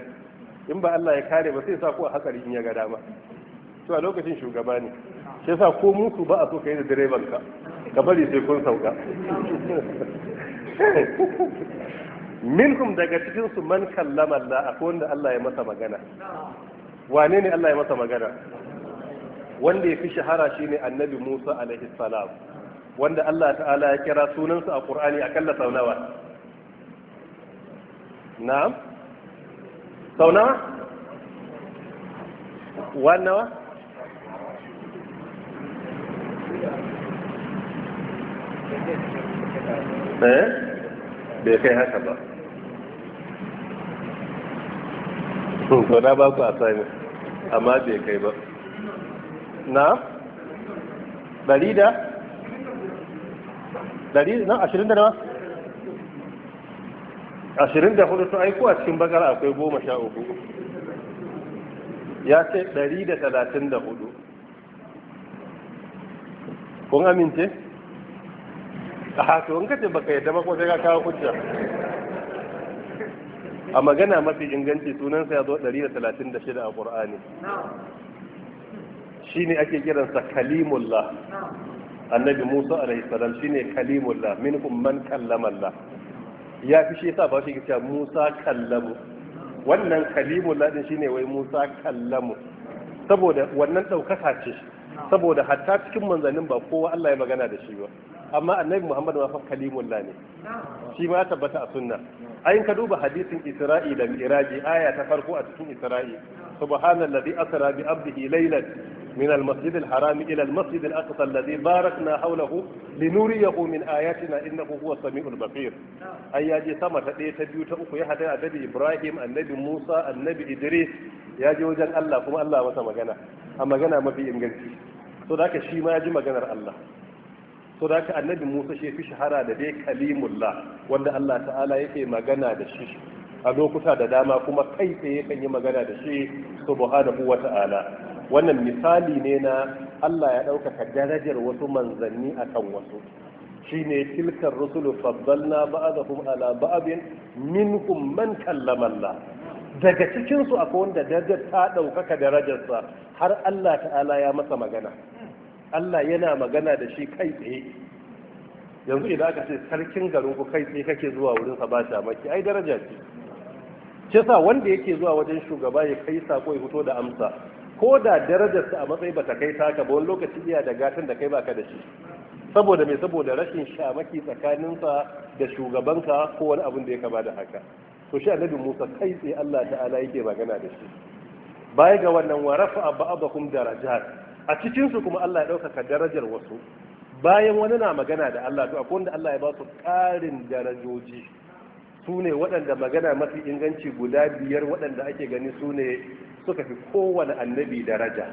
in ba Allah ya kare ba sai sa ku a hatsari in ya ga dama to a lokacin shugaba ne shi yasa ko musu ba a so ka yi da direban ka ka bari sai kun sauka [laughs] minhum daga cikin su man kallama Allah akwai wanda Allah ya masa magana wane ne Allah ya masa magana wanda ya fi shahara shi ne annabi Musa alaihi salam wanda Allah ta'ala ya kira sunansa a Qur'ani akalla sau nawa na'am sau nawa wannawa eh bai kai haka ba to [laughs] na ba ku asani amma bai kai ba na ɗari da ɗari na ashirin da nawa ashirin da hudu to aiko a cikin bakar akwai goma sha uku ya ce ɗari da talatin da hudu kun amince a haka wani ka ce baka yadda ba ko sai ka kawo hujja a magana mafi inganci sunansa ya zo 136 a ƙur'ani ne ake kiransa kalimullah annabi musa alaihi salam shine kalimullah min man kallama ya fi shi sa ba shi cewa musa kallamu wannan kalimullah din shi ne wai musa kallamu saboda wannan daukaka ce saboda hatta cikin manzannin ba kowa Allah ya magana da shi ba amma annabi Muhammadu ma fa kalimullah ne shi ma tabbata a sunna ayin ka duba hadisin Isra'i da Miraji aya ta farko a cikin Isra'i subhanallazi asra bi abdihi laylan من المسجد الحرام إلى المسجد الأقصى الذي باركنا حوله لنريه من آياتنا إنه هو السميع البصير أي يجي سما تدي تبيو تأخو يحدى النبي إبراهيم النبي موسى النبي إدريس يجي وجن الله كما الله وسما جنا أما جنا ما في إنجلتي صدق شيء ما يجي ما جنا الله صدق النبي موسى شيء في شهرة لدي كليم الله وأن الله تعالى يكي ما جنا دشيش a lokuta da dama kuma kai tsaye kan yi magana da shi subhanahu wa ta'ala wannan misali ne na Allah ya ɗaukaka darajar wasu manzanni kan wasu Shi shine tilkar rusulu faddalna ba'dahum ala ba'din min man kallamalla daga cikinsu a akwai wanda darajar ta ɗaukaka darajarsa har Allah ta'ala ya masa magana Allah yana magana da shi kai tsaye yanzu idan aka ce sarkin garin ku kai tsaye kake zuwa wurin sa ba maki? ai daraja ce shi wanda yake zuwa wajen shugaba ya kai sako ya fito da amsa ko da darajarsa a matsayi ba ta kai taka ba wani lokaci iya da gatan da kai baka da shi saboda mai saboda rashin shamaki tsakaninsa da shugabanka ko wani abin da ya kama da haka to shi annabi Musa kai tsaye Allah ta'ala yake magana da shi baya ga wannan wa rafa'a ba'dakum darajat a cikinsu kuma Allah ya ɗaukaka darajar wasu bayan wani na magana da Allah to akwai wanda Allah ya ba su ƙarin darajoji su ne waɗanda magana mafi inganci guda biyar waɗanda ake gani su ne suka fi kowane annabi daraja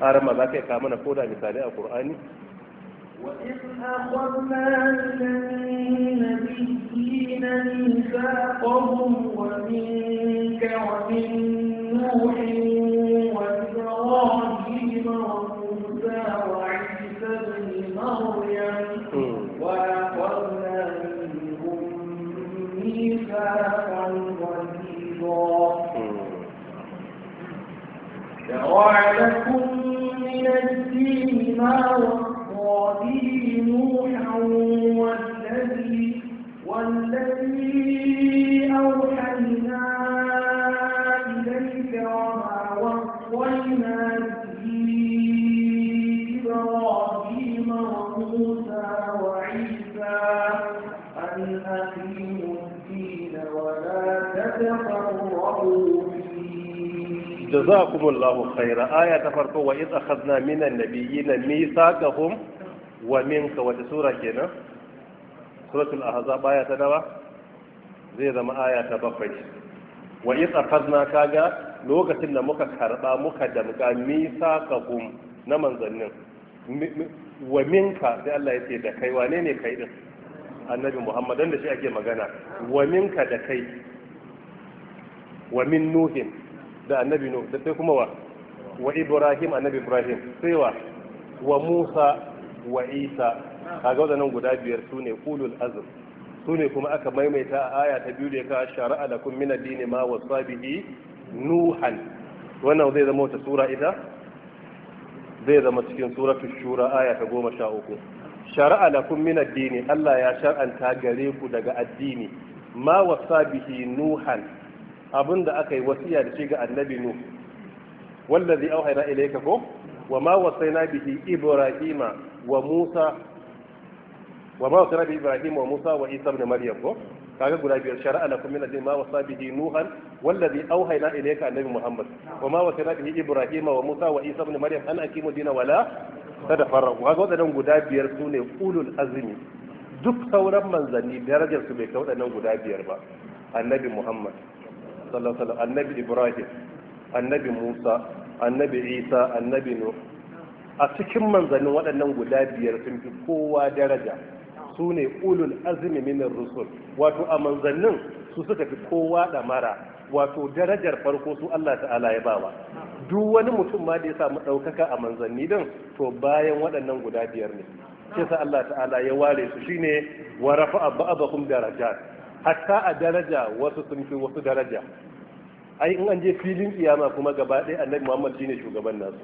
arama za ka yi kama na koda misali a ƙur'ani وإذ أخذنا من ميثاقهم ومنك ومن نوح شرع لكم من الدين ما وصى نوحا والذي Da jazakumullahu khaira aya ta farko wa iz akhadna minan nabiyina mithaqahum wa minka wata sura kenan suratul ahzab aya ta nawa zai zama aya ta bakwai wa iz akhadna kaga lokacin da muka karba muka damga mithaqahum na manzannin wa minka sai Allah ya ce da kai wane ne kai din annabi Muhammad da shi ake magana wa minka da kai wa min nuhin da annabi nuh da sai kuma wa wa ibrahim annabi ibrahim sai wa wa musa wa isa kaga wadannan guda biyar sune kulul azm sune kuma aka maimaita a aya ta biyu da ka shara'a lakum min ad-din ma wasa bihi nuhan wannan zai zama wata sura ita zai zama cikin suratul shura aya ta goma sha uku shara'a lakum min ad-din Allah ya shar'anta gare ku daga addini ma wasa bihi nuhan abin da aka yi wasiya da shi ga annabi nu wallazi auhayna ilayka ko wa ma wasaina bihi ibrahima wa musa wa ma wasaina bihi ibrahima wa musa wa isa ibn maryam ko kaga guda biyar shari'a lakum min ad ma wasa bihi nuhan wallazi auhayna ilayka annabi muhammad wa ma wasaina bihi ibrahima wa musa wa isa ibn maryam an aqimu dina wala tadafarraqu kaga wadannan guda biyar sune ulul azmi duk sauran manzanni darajar su bai kai wadannan guda biyar ba annabi muhammad sallallahu annabi ibrahim annabi musa annabi isa annabi nuh a cikin manzannin waɗannan guda biyar sun fi kowa daraja su ne ulul azumi minar rusul wato a manzannin su suka fi kowa da mara wato darajar farko su Allah ta'ala ya bawa duk wani mutum ma da ya samu ɗaukaka a manzanni din to bayan waɗannan guda biyar ne sai sa Allah ta'ala ya ware su shine wa rafa'a ba'dakum darajat hatta a daraja wasu sun fi wasu daraja ai in an je filin kiyama kuma gaba ɗaya annabi Muhammad shine shugaban nasu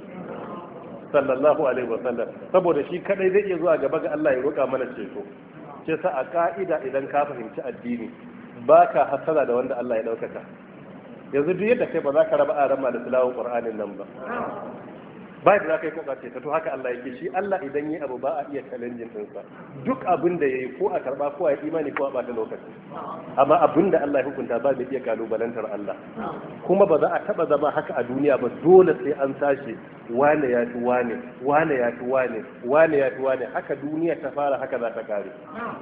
sallallahu alaihi wasallam saboda shi kadai zai iya zuwa gaba ga Allah ya roƙa mana ceto ce sa a ka'ida idan ka fahimci addini baka hasara da wanda Allah ya ɗaukaka yanzu duk yadda kai ba za ka raba aran da tilawar Qur'anin nan ba ba da kai ko ce ta to haka Allah yake shi Allah idan yi abu ba a iya challenge din sa duk abin da yayi ko a karba ko a yi imani ko a bata lokaci amma abin da Allah ya hukunta ba da iya kalubalantar Allah kuma ba za a taba zama haka a duniya ba dole sai an sashi wane ya fi wane wane ya fi wane wane ya fi wane haka duniya ta fara haka za ta kare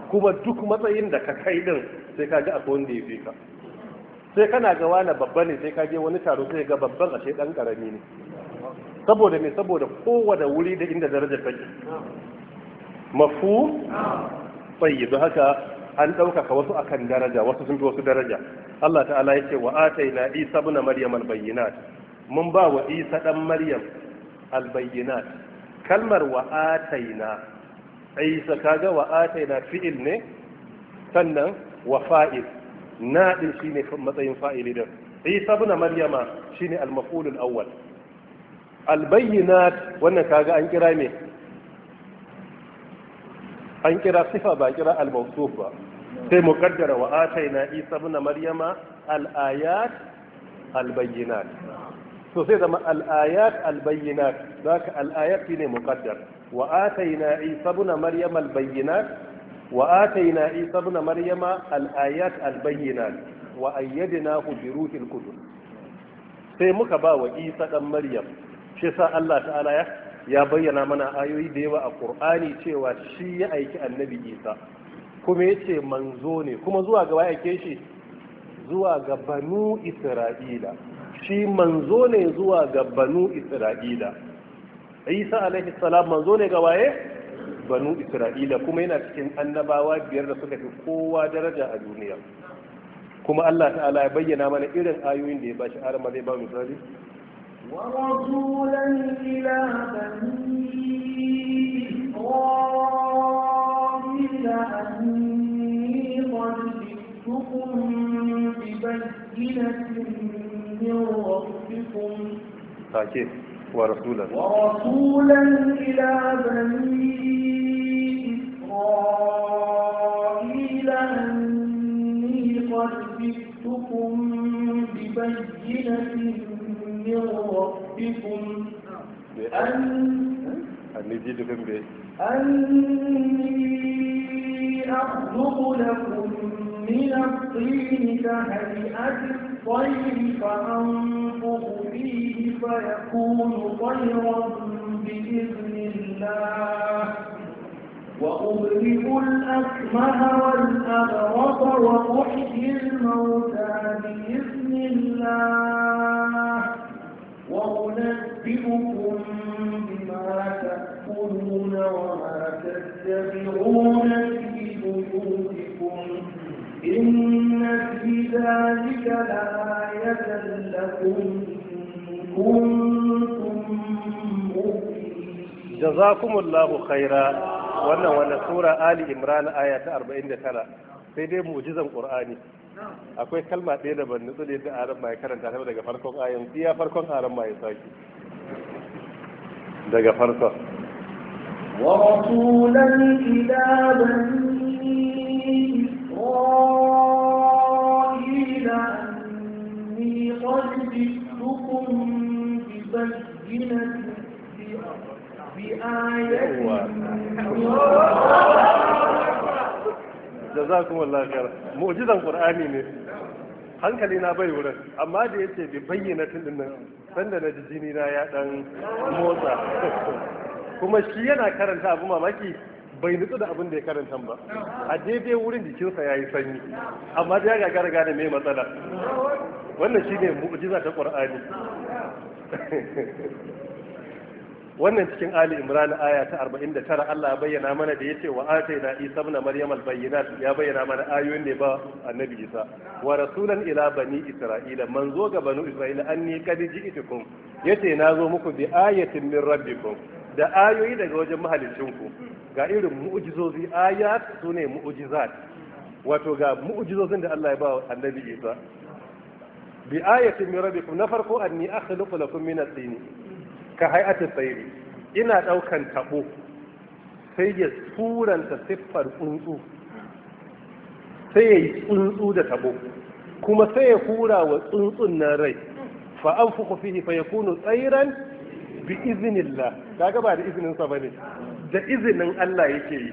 kuma duk matsayin da ka kai din sai ka ga akwai wanda ya fi ka sai kana ga wani babba ne sai ka je wani taro sai ga babban ashe dan karami ne saboda me saboda kowane wuri da inda darajar take mafu tsayi haka an ɗaukaka wasu akan daraja wasu sun fi wasu daraja Allah ta'ala ya ce wa ataina isa ibn maryam albayyinat mun ba wa isa ɗan maryam albayyinat kalmar wa ataina isa kaga wa ataina fi'il ne sannan wa fa'il na shi ne matsayin fa'ili din isa ibn maryama shi ne maful al-awwal albayyinat wannan kaga an kira me an kira sifa ba kira al-mawsuf ba sai mu kaddara wa ataina isa ibn maryama al-ayat al-bayyinat to sai zama al-ayat al-bayyinat zaka al-ayat ne muqaddar wa ataina isa ibn maryama al-bayyinat wa ataina isa ibn maryama al-ayat al-bayyinat wa ayyadnahu bi ruhil qudus sai muka ba wa isa dan maryam shi yasa Allah ta'ala ya ya bayyana mana ayoyi da yawa a Qur'ani cewa shi ya aiki Annabi Isa kuma yace manzo ne kuma zuwa ga waye ke shi zuwa ga Banu Isra'ila shi manzo ne zuwa ga Banu Isra'ila Isa alaihi salam manzo ne ga waye Banu Isra'ila kuma yana cikin annabawa biyar da suka fi kowa daraja a duniya kuma Allah ta'ala ya bayyana mana irin ayoyin da ya bashi har ma zai ba misali ورسولا إلى بني إسرائيل أني قد جئتكم ببينة من ربكم ورسولا ورسولا إلى بني إسرائيل أني قد جئتكم ببينة من ربكم أن أني أخلق لكم من الطين كهيئة الطير فأنفخ فيه فيكون طيرا بإذن الله وأبرئ الأكمه والأبرص وأحيي الموتى بإذن الله وأنبئكم بما تأكلون وما تتبعون في بيوتكم إن في ذلك لآية لكم كنتم مؤمنين جزاكم الله خيرا wannan وانا sura ali imran aya ta 49 sai dai mu'jizan qur'ani akwai kalma ɗaya da ban nutsu da ta aran mai karanta ta daga farkon ayan iya farkon aran mai saki daga farkon ورسولا إلى بني jazakumullahu khair mu'jizan qur'ani ne hankali na bai wurin amma da yace bi bayyana tun nan sanda na ji jini na ya dan motsa kuma shi yana karanta abu mamaki bai nutsu da abin da ya karanta ba a daidai wurin jikinsa ya yi sanyi amma da ya gagara gane mai matsala wannan shine mu'jiza ta qur'ani. wannan cikin ali imran aya ta 49 Allah ya bayyana mana da yace wa ataina isa ibn maryam al bayyinat ya bayyana mana ayoyin da ba annabi isa wa rasulan ila bani isra'ila manzo ga bani isra'ila anni kad ji'tukum yace nazo muku bi ayatin min rabbikum da ayoyi daga wajen mahalicinku ga irin mu'jizozi ayat sune mu'jizat wato ga mu'jizozin da Allah ya ba annabi isa bi ayatin min rabbikum na farko anni akhluqu lakum min at tini ka hay'ati tsairi ina ɗaukan taɓo sai ya turanta siffar tsuntsu sai ya yi tsuntsu da taɓo kuma sai ya hura wa tsuntsun na rai fa an fuku fihi fa yakunu tsairan bi iznillah kaga ba da izinin sa bane da izinin Allah yake yi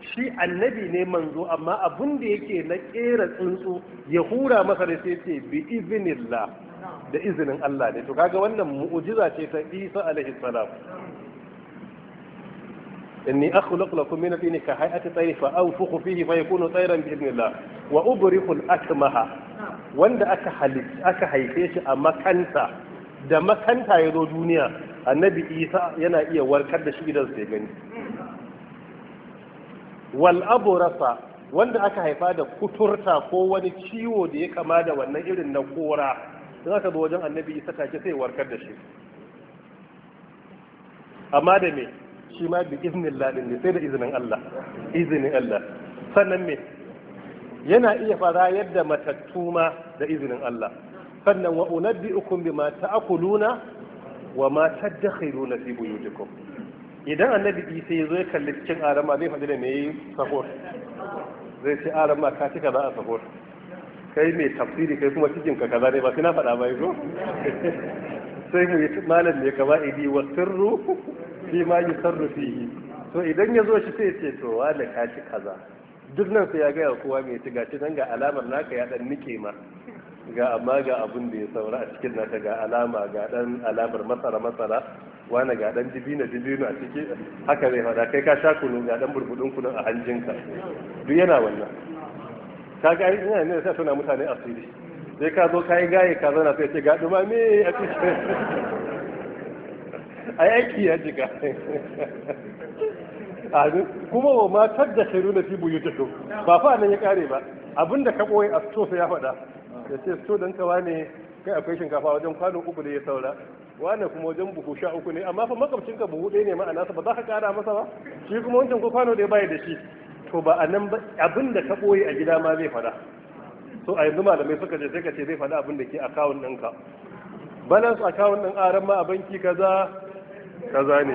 shi annabi ne manzo amma abun da yake na kera tsuntsu ya hura masa da sai ce bi izinillah. da izinin Allah ne to kaga wannan mu'jiza ce ta Isa alaihi salam inni akhluq lakum min tin ka hay'ati tayr fa anfukhu fihi fa yakunu tayran bi idnillah wa ubriqu al-akmaha wanda aka halitta aka haife shi a makanta da makanta yazo duniya annabi Isa yana iya warkar da shi idan sai gani wal abrasa wanda aka haifa da kuturta ko wani ciwo da ya kama da wannan irin na kora Sai aka zo wajen annabi isa take sai warkar da shi amma da me shi ma bi iznin ladin ne sai da izinin Allah izinin Allah sannan me yana iya fara yadda matattu ma da izinin Allah sannan wa unabbi'ukum bima ta'kuluna wa ma tadakhiruna fi buyutikum idan annabi isa ya zo ya kalli cikin arama zai faɗi da me yi sahur zai ce arama ka cika za a sahur kai mai tafsiri kai kuma cikin ka kaza ne ba kina faɗa ba ko sai mu yi malam ne kama idi wa sirru fi ma yusarru fihi to idan ya zo shi sai ce to wala ka ci kaza duk nan sai ya ga kowa mai ci gaci dan ga alamar naka ya dan nike ma ga amma ga abun da ya saura a cikin naka ga alama ga dan alamar masara masara wani ga dan dibino dibino a ciki haka zai faɗa kai ka sha kunu ga dan burbudin kunun a hanjinka duk yana wannan ka ga ina ne sai tuna mutane asiri sai ka zo ka yi gaye ka zana sai ce ga duma me a cikin [laughs] ai aiki ya jiga [laughs] kuma wa matar da shiru na fi buyu tato ba fa nan ya kare ba abinda ka koyi a sto ya faɗa ya ce sto dan ka wane kai akwai shinkafa wajen kwano uku da ya saura wane kuma wajen buhu sha uku ne amma fa ka buhu ɗaya ne ma'ana ba za ka kara masa ba shi kuma wancan ko kwano ɗaya baya da shi to ba a nan abin da ka ɓoye a gida ma zai faɗa so a yanzu malamai suka ce sai ka ce zai fada abin da ke a akawun ɗinka balance akawun ɗin aran ma a banki kaza kaza ne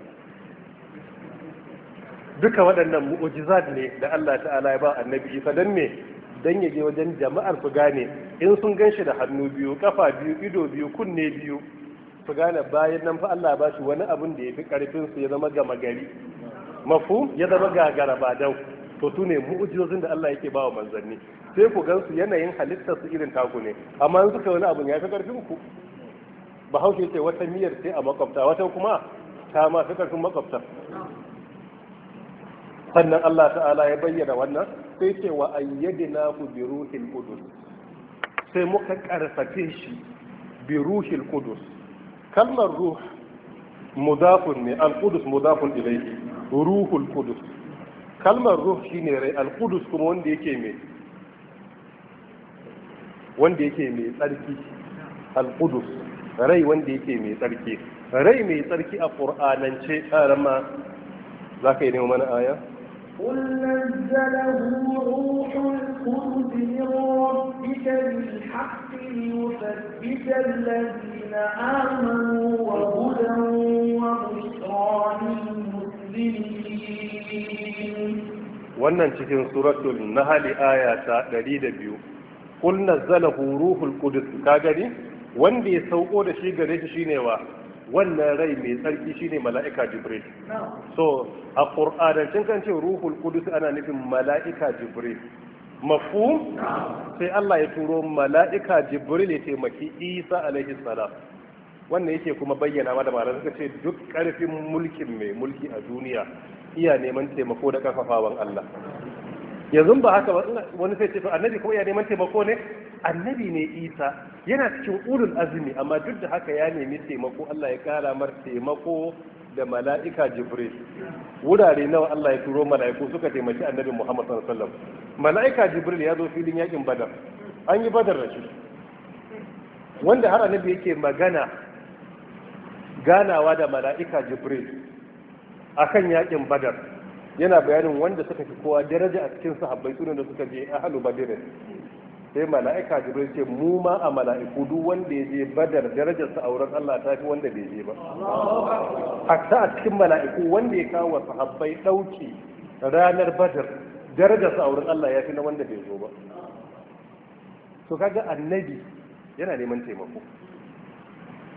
[laughs] duka waɗannan mu'ujizat ne da Allah ta'ala ya ba annabi Isa dan me dan ya je wajen jama'ar su gane in sun gan ganshi da hannu biyu kafa biyu ido biyu kunne biyu su gane bayan nan fa Allah ba shi wani abun da ya fi karfin su ya zama gama gari mafu ya zama gagara ba dau to su ne da Allah yake ba wa manzanni sai ku gansu yanayin halittar su irin taku ne amma in suka wani abu ya fi karfin ku bahaushe ce wata miyar sai a makwabta wata kuma ta ma fi karfin makwabta sannan Allah ta'ala ya bayyana wannan sai ce wa ayyadina ku bi ruhil qudus sai muka karfafe shi bi ruhil qudus kalmar ruh mudafun ne al qudus mudafun ilayhi روح القدس كلمة روح شيني القدس كمان وان دي كيمي وان دي كيمي تركي القدس ري وان دي كيمي تركي ري مي تركي القرآن ان شيء آرما ذاك يني آية قل نزله روح القدس من ربك بالحق ليثبت الذين آمنوا وهدى وبشرى wannan cikin suratul nahali aya ta 102 kul nazzalahu ruhul qudus ka gani wanda ya sauko da shi gare shi shine wa wannan rai mai tsarki shine mala'ika jibril so a qur'anancin kan ce ruhul qudus ana nufin mala'ika jibril mafhum sai Allah ya turo mala'ika jibril ya taimaki Isa alaihi salam wannan yake kuma bayyana ma da malamai suka ce duk karfin mulkin mai mulki a duniya iya neman taimako da karfafawan Allah yanzu ba haka ba wani sai ce to annabi kuma iya neman taimako ne annabi ne Isa yana cikin ulul azumi amma duk da haka ya nemi taimako Allah ya kara mar taimako da mala'ika jibril wurare nawa Allah ya turo mala'iku suka taimaki annabi Muhammad sallallahu alaihi wasallam mala'ika jibril ya zo filin yakin badar an yi badar da shi wanda har annabi yake magana ganawa da mala'ika jibril akan yakin badar yana bayanin wanda suka fi kowa daraja a cikin sahabbai sunan da suka je ahlu badr sai mala'ika jibril ce mu ma a mala'iku duk wanda ya je badar darajar sa auren Allah ta fi wanda bai je ba hatta a cikin mala'iku wanda ya kawo sahabbai dauki ranar badar darajar sa auren Allah ya fi na wanda bai zo ba to kaga annabi yana neman taimako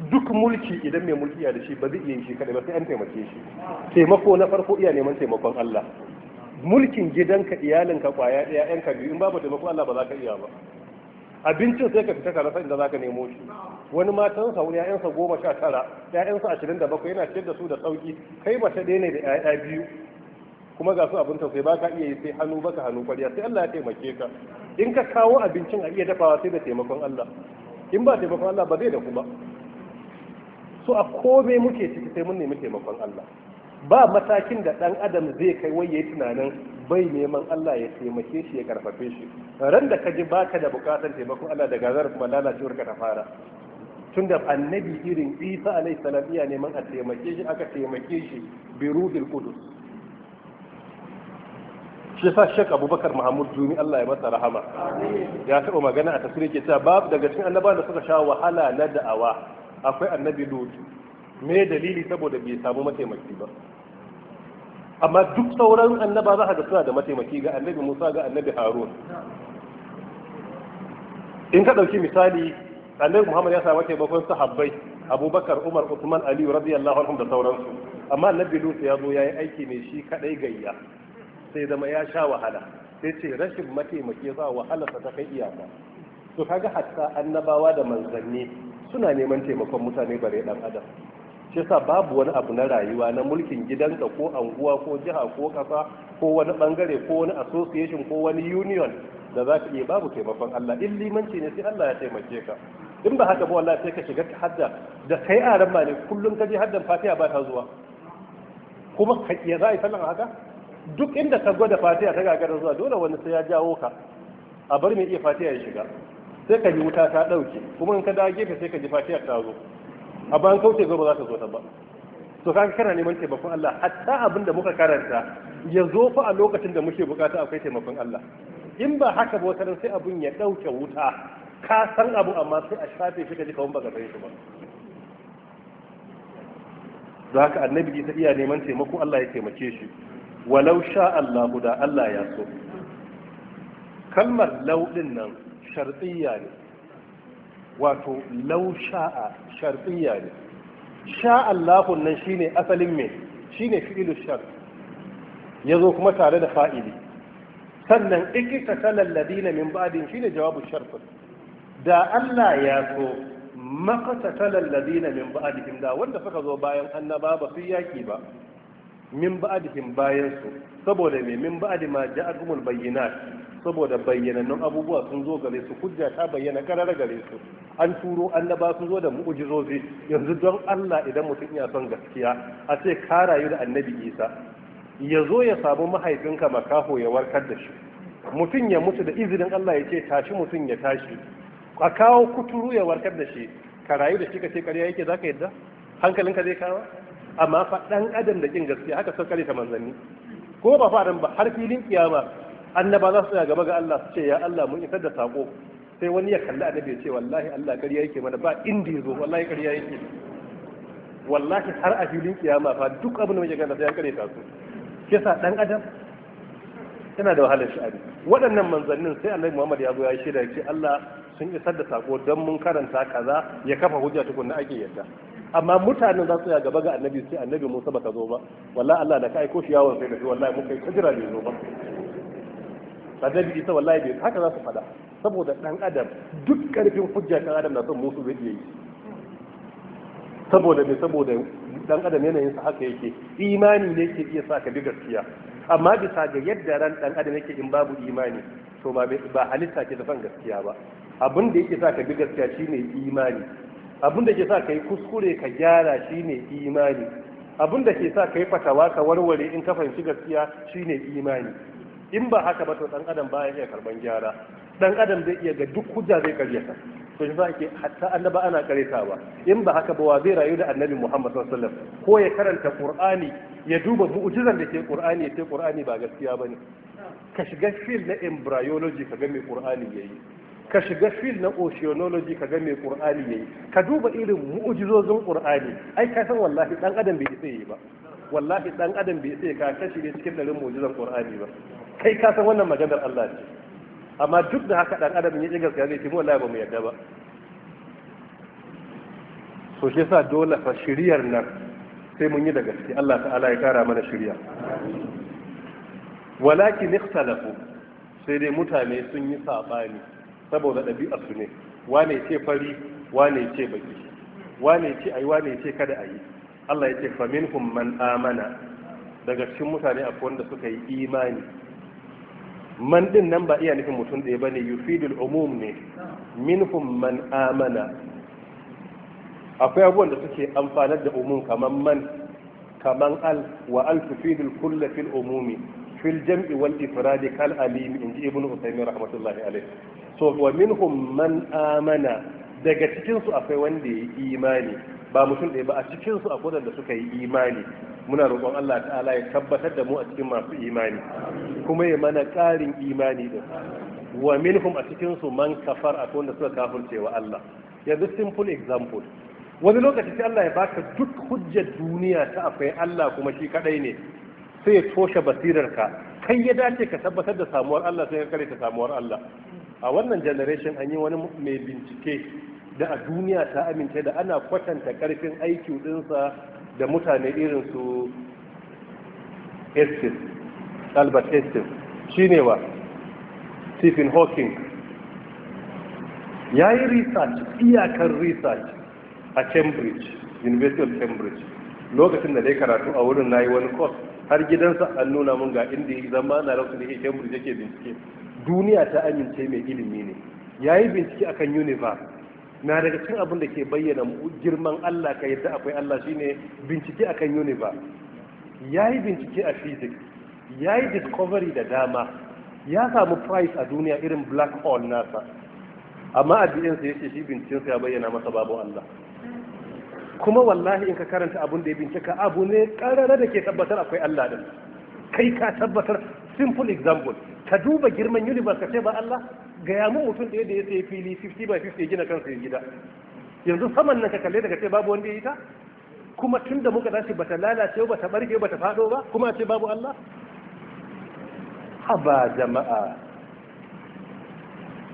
duk mulki idan mai mulki ya da shi ba zai iya yin shi kadai ba sai an taimake shi taimako na farko iya neman taimakon Allah mulkin gidanka iyalinka kwaya ɗaya yanka biyu in babu taimako Allah ba za ka iya ba abincin sai ka fita ka rasa inda za ka nemo shi wani matansa wani ƴaƴansa goma sha tara ƴaƴansa ashirin da bakwai yana ciyar da su da sauki kai mace ɗaya ne da ƴaƴa biyu kuma ga su abin sai ba ka iya yi sai hannu baka hannu kwariya sai Allah ya taimake ka in ka kawo abincin a iya dafawa sai da taimakon Allah in ba taimakon Allah ba zai da kuma Su a kome muke ciki sai mun nemi taimakon Allah ba matakin da ɗan adam zai kai wai yayi tunanin bai neman Allah ya taimake shi ya karfafe shi ran da ka ji baka da bukatar taimakon Allah daga zar kuma lalacewar ka ta fara tun annabi irin Isa alaihi salam iya neman a taimake shi aka taimake shi bi ruhil qudus shi sa shek abubakar muhammad jumi allah ya masa rahama ya taɓa magana a tafsir ke cewa babu daga cikin annaba da suka sha wahala na da'awa akwai annabi lut me dalili saboda bai samu mataimaki ba amma duk sauran annaba za ka suna da mataimaki ga annabi musa ga annabi harun in ka ɗauki misali annabi muhammad ya samu taimakon sahabbai abubakar umar usman aliyu radiyallahu anhum da sauransu amma annabi lut ya zo ya yi aiki ne shi kaɗai gayya sai zama ya sha wahala sai ce rashin mataimaki ya sa wahalarsa ta kai iyaka to kaga hatta annabawa da manzanni suna neman taimakon mutane bare dan adam shi yasa babu wani abu na rayuwa na mulkin gidanka ko anguwa ko jiha ko kasa ko wani bangare ko wani association ko wani union da za ka iya babu taimakon Allah in limanci ne sai Allah ya taimake ka in ba haka ba wallahi sai ka shiga ka hadda da kai a ran ne kullum ka je haddan fatiha ba ta zuwa kuma ka iya za a yi sallan haka duk inda ka gwada fatiha ta gagara zuwa dole wani sai ya jawo ka a bar mai iya fatiha ya shiga sai ka ji wuta ta ɗauke kuma in ka dawo gefe sai ka ji fatiyar ta zo a bayan kauce zo za ta zo ta ba to ka kana neman taimakon Allah hatta abin da muka karanta ya zo fa a lokacin da muke bukata akwai taimakon Allah in ba haka ba wata sai abun ya ɗauke wuta ka san abu amma sai a shafe shi ka ji kawun baka san shi ba da haka annabi ta iya neman taimako Allah ya taimake shi walau sha Allah guda Allah ya so kalmar lau nan sharɗiyya ne wato lau sha'a sharɗiyya ne sha Allahun shi ne asalin me ne fi'ilu shar ya zo kuma tare da fa'ili sannan ikita talan ladina min ba'adin shi ne jawabu sharfin da Allah ya so makata talan ladina min ba'adin da wanda suka zo bayan annaba ba su yaki ba min ba'adin bayansu saboda me min ba'di ma ja'akumul bayyinat saboda bayyanannun abubuwa sun zo gare su hujja ta bayyana karara gare su an turo annaba sun zo da mu'ujizozi yanzu don Allah idan mutum ya son gaskiya a ce ka rayu da annabi Isa ya zo ya samu mahaifinka makaho ya warkar da shi mutum ya mutu da izinin Allah ya ce tashi mutum ya tashi a kawo kuturu ya warkar da shi ka rayu da shi ka ce ƙarya yake ka yadda hankalinka zai kawo amma fa ɗan adam da ƙin gaskiya haka sun kare ta manzanni ko ba fa ba har filin kiyama annaba za su gaba ga Allah su ce ya Allah mun isar da sako sai wani ya kalli annabi ya ce wallahi Allah ƙarya yake mana ba inda ya zo wallahi ƙarya yake wallahi har a filin kiyama fa duk abin da muke gana sai an kare ta su sa dan adam yana da wahalar sha'ani waɗannan manzannin sai Annabi Muhammad ya zo ya shirya ya ce Allah sun isar da sako don mun karanta kaza ya kafa hujja tukunna ake yadda amma mutanen za su ya gaba ga annabi sai annabi Musa baka zo ba wallahi Allah da ka aiko shi yawon sai da wallahi mun kai kajira ne zo ba annabi isa wallahi bai haka za su fada saboda ɗan adam duk ƙarfin hujja kan adam na son musu zai yi saboda me saboda ɗan adam sa haka yake imani ne ke iya sa ka bi gaskiya amma bisa ga yadda ran ɗan adam yake in babu imani to ba halitta ke da gaskiya ba abin da yake sa ka bi gaskiya shine imani abin da ke sa ka kuskure ka gyara shine imani abin da ke sa ka yi fatawa ka warware in ka fahimci gaskiya shine imani in ba haka ba to dan adam baya iya karban gyara dan adam zai iya ga duk hujja zai karyata to shi ake hatta annaba ana ba. in ba haka ba wa zai rayu da annabi Muhammad sallallahu alaihi wasallam ko ya karanta Qur'ani ya duba mu'jizan da ke Qur'ani ya ce Qur'ani ba gaskiya bane ka shiga field na embryology ka ga me Qur'ani yayi ka shiga fil na oceanology ka ga me qur'ani yayi ka duba irin mu'jizozin qur'ani ai ka san wallahi dan adam bai isa yi ba wallahi dan adam bai sai ka kashi ne cikin darin mu'jizan qur'ani ba kai ka san wannan maganar Allah ce amma duk da haka dan adam ya ji gaskiya zai ce mu wallahi ba mu yarda ba to shi yasa dole fa shiriyar nan sai mun yi da gaske Allah ta'ala ya kara mana shiriya walakin ikhtalafu sai dai mutane sun yi sabani saboda ɗabi'a su ne wane ce fari wane ce baki wane ce ayi wane ce kada ayi Allah ya ce faminhum man amana daga cikin mutane akwai wanda suka yi imani man din nan ba iya nufin mutum ɗaya bane yufidul umum ne minhum man amana akwai abubuwan da suke amfanar da umum kaman man kaman al wa al tufidul kulla fil umumi fil jam'i wal ifradi kal alim inji ibnu usaymin rahmatullahi alai. so wa minhum man amana daga cikinsu akwai wanda ya yi imani ba mutum ɗaya ba a cikin su akwai da suka yi imani muna roƙon Allah ta'ala ya tabbatar da mu a cikin masu imani kuma ya mana ƙarin imani din wa minhum a cikin su man kafar akwai da suka kafirce wa Allah yanzu simple example wani lokaci sai Allah ya baka duk hujjar duniya ta akwai Allah kuma shi kadai ne sai ya toshe basirarka kai ya dace ka tabbatar da samuwar Allah sai ka kare ta samuwar Allah a wannan generation an yi wani mai bincike da a duniya ta aminta da ana kwatanta karfin aiki dinsa da mutane irin su Estes Albert Estes shine wa Stephen Hawking ya yi research iyakar research a Cambridge University of Cambridge lokacin da dai karatu a wurin na yi wani course har gidansa an nuna mun ga inda yi zama na rasu da ke Cambridge yake bincike duniya ta amince mai ilimi ne ya yi bincike akan universe na daga cikin abin da ke bayyana girman Allah ka yadda akwai Allah shine bincike akan universe yayi bincike a physics yayi discovery da dama ya samu price a duniya irin black hole nasa amma addinin sa yace shi binciken sa ya bayyana masa babu Allah kuma wallahi in ka karanta abun da ya bincika abu ne karara da ke tabbatar akwai Allah din kai ka tabbatar simple example ka duba girman universe ka ce ba Allah gaya mun mutum ɗaya da ya sai fili 50 by 50 gina kansa ya gida yanzu saman nan ka kalle daga ce babu wanda ya yi ta kuma tun da muka tashi bata lalace ba ta barke ba ta faɗo ba kuma ce babu Allah haba jama'a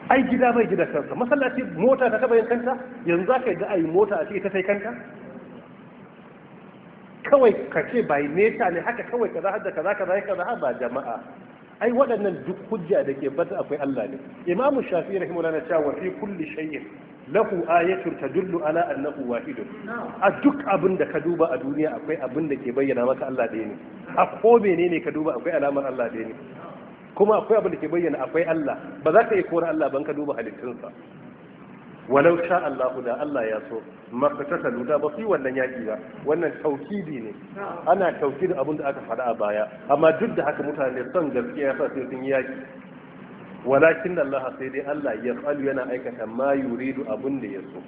ai gida bai gida kansa masallaci mota ta taba yin kanta yanzu za ka yi ai mota a ce ta sai kanta kawai ka ce bai nesa ne haka kawai kaza da kaza kaza kaza ba jama'a ai waɗannan duk hujja da ke bata akwai Allah ne Imamu shafi rahimahullah na cewa fi kulli shay'in lahu ayatun tadullu ala annahu wahidun a duk abin da ka duba a duniya akwai abin da ke bayyana maka Allah ɗaya ne a ko menene ka duba akwai alamar Allah ɗaya ne kuma akwai abin da ke bayyana akwai Allah ba za ka iya kora Allah ban ka duba halittunsa walau sha Allah da Allah ya so mafitata luda ba su wannan yaki ba wannan taukidi ne ana taukidi abin da aka faɗa a baya amma duk da haka mutane son gaskiya ya sa sai sun yaki walakin Allah sai dai Allah ya tsalu yana aikata ma yuridu abin da ya so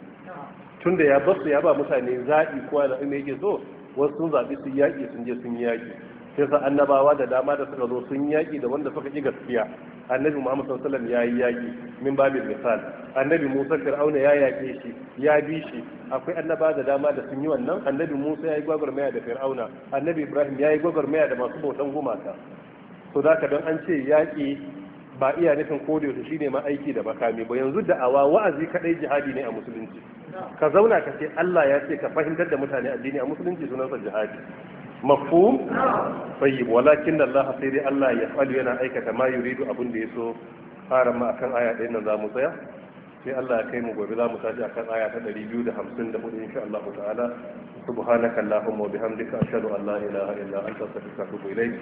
tunda ya basu ya ba mutane zaɓi ko da me yake so wasu sun zaɓi su sun je sun yaki sai sa annabawa da dama da suka zo sun yaƙi da wanda suka ƙi gaskiya annabi muhammad sallallahu alaihi wasallam ya yi yaƙi min babin misal annabi musa fir'auna ya yaƙe shi ya bi shi akwai annaba da dama da sun yi wannan annabi musa ya yi gwagwarmaya da fir'auna annabi ibrahim ya yi gwagwarmaya da masu bautan gumaka to da ka don an ce yaƙi ba iya nufin ko da yaushe shine ma aiki da makami ba yanzu da awa wa'azi kadai jihadi ne a musulunci ka zauna ka ce Allah ya ce ka fahimtar da mutane addini a musulunci sunansa jihadi mafhum tayyib walakin Allah sai dai Allah ya falu yana aikata ma yuridu abin da so fara ma akan aya ɗayan nan zamu tsaya sai Allah ya kai mu gobe zamu tashi akan aya ta hudu insha Allah ta'ala سبحانك اللهم وبحمدك أشهد أن لا إله إلا أنت أستغفرك وأتوب إليك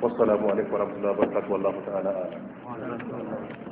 والسلام عليكم ورحمة الله وبركاته والله ta'ala.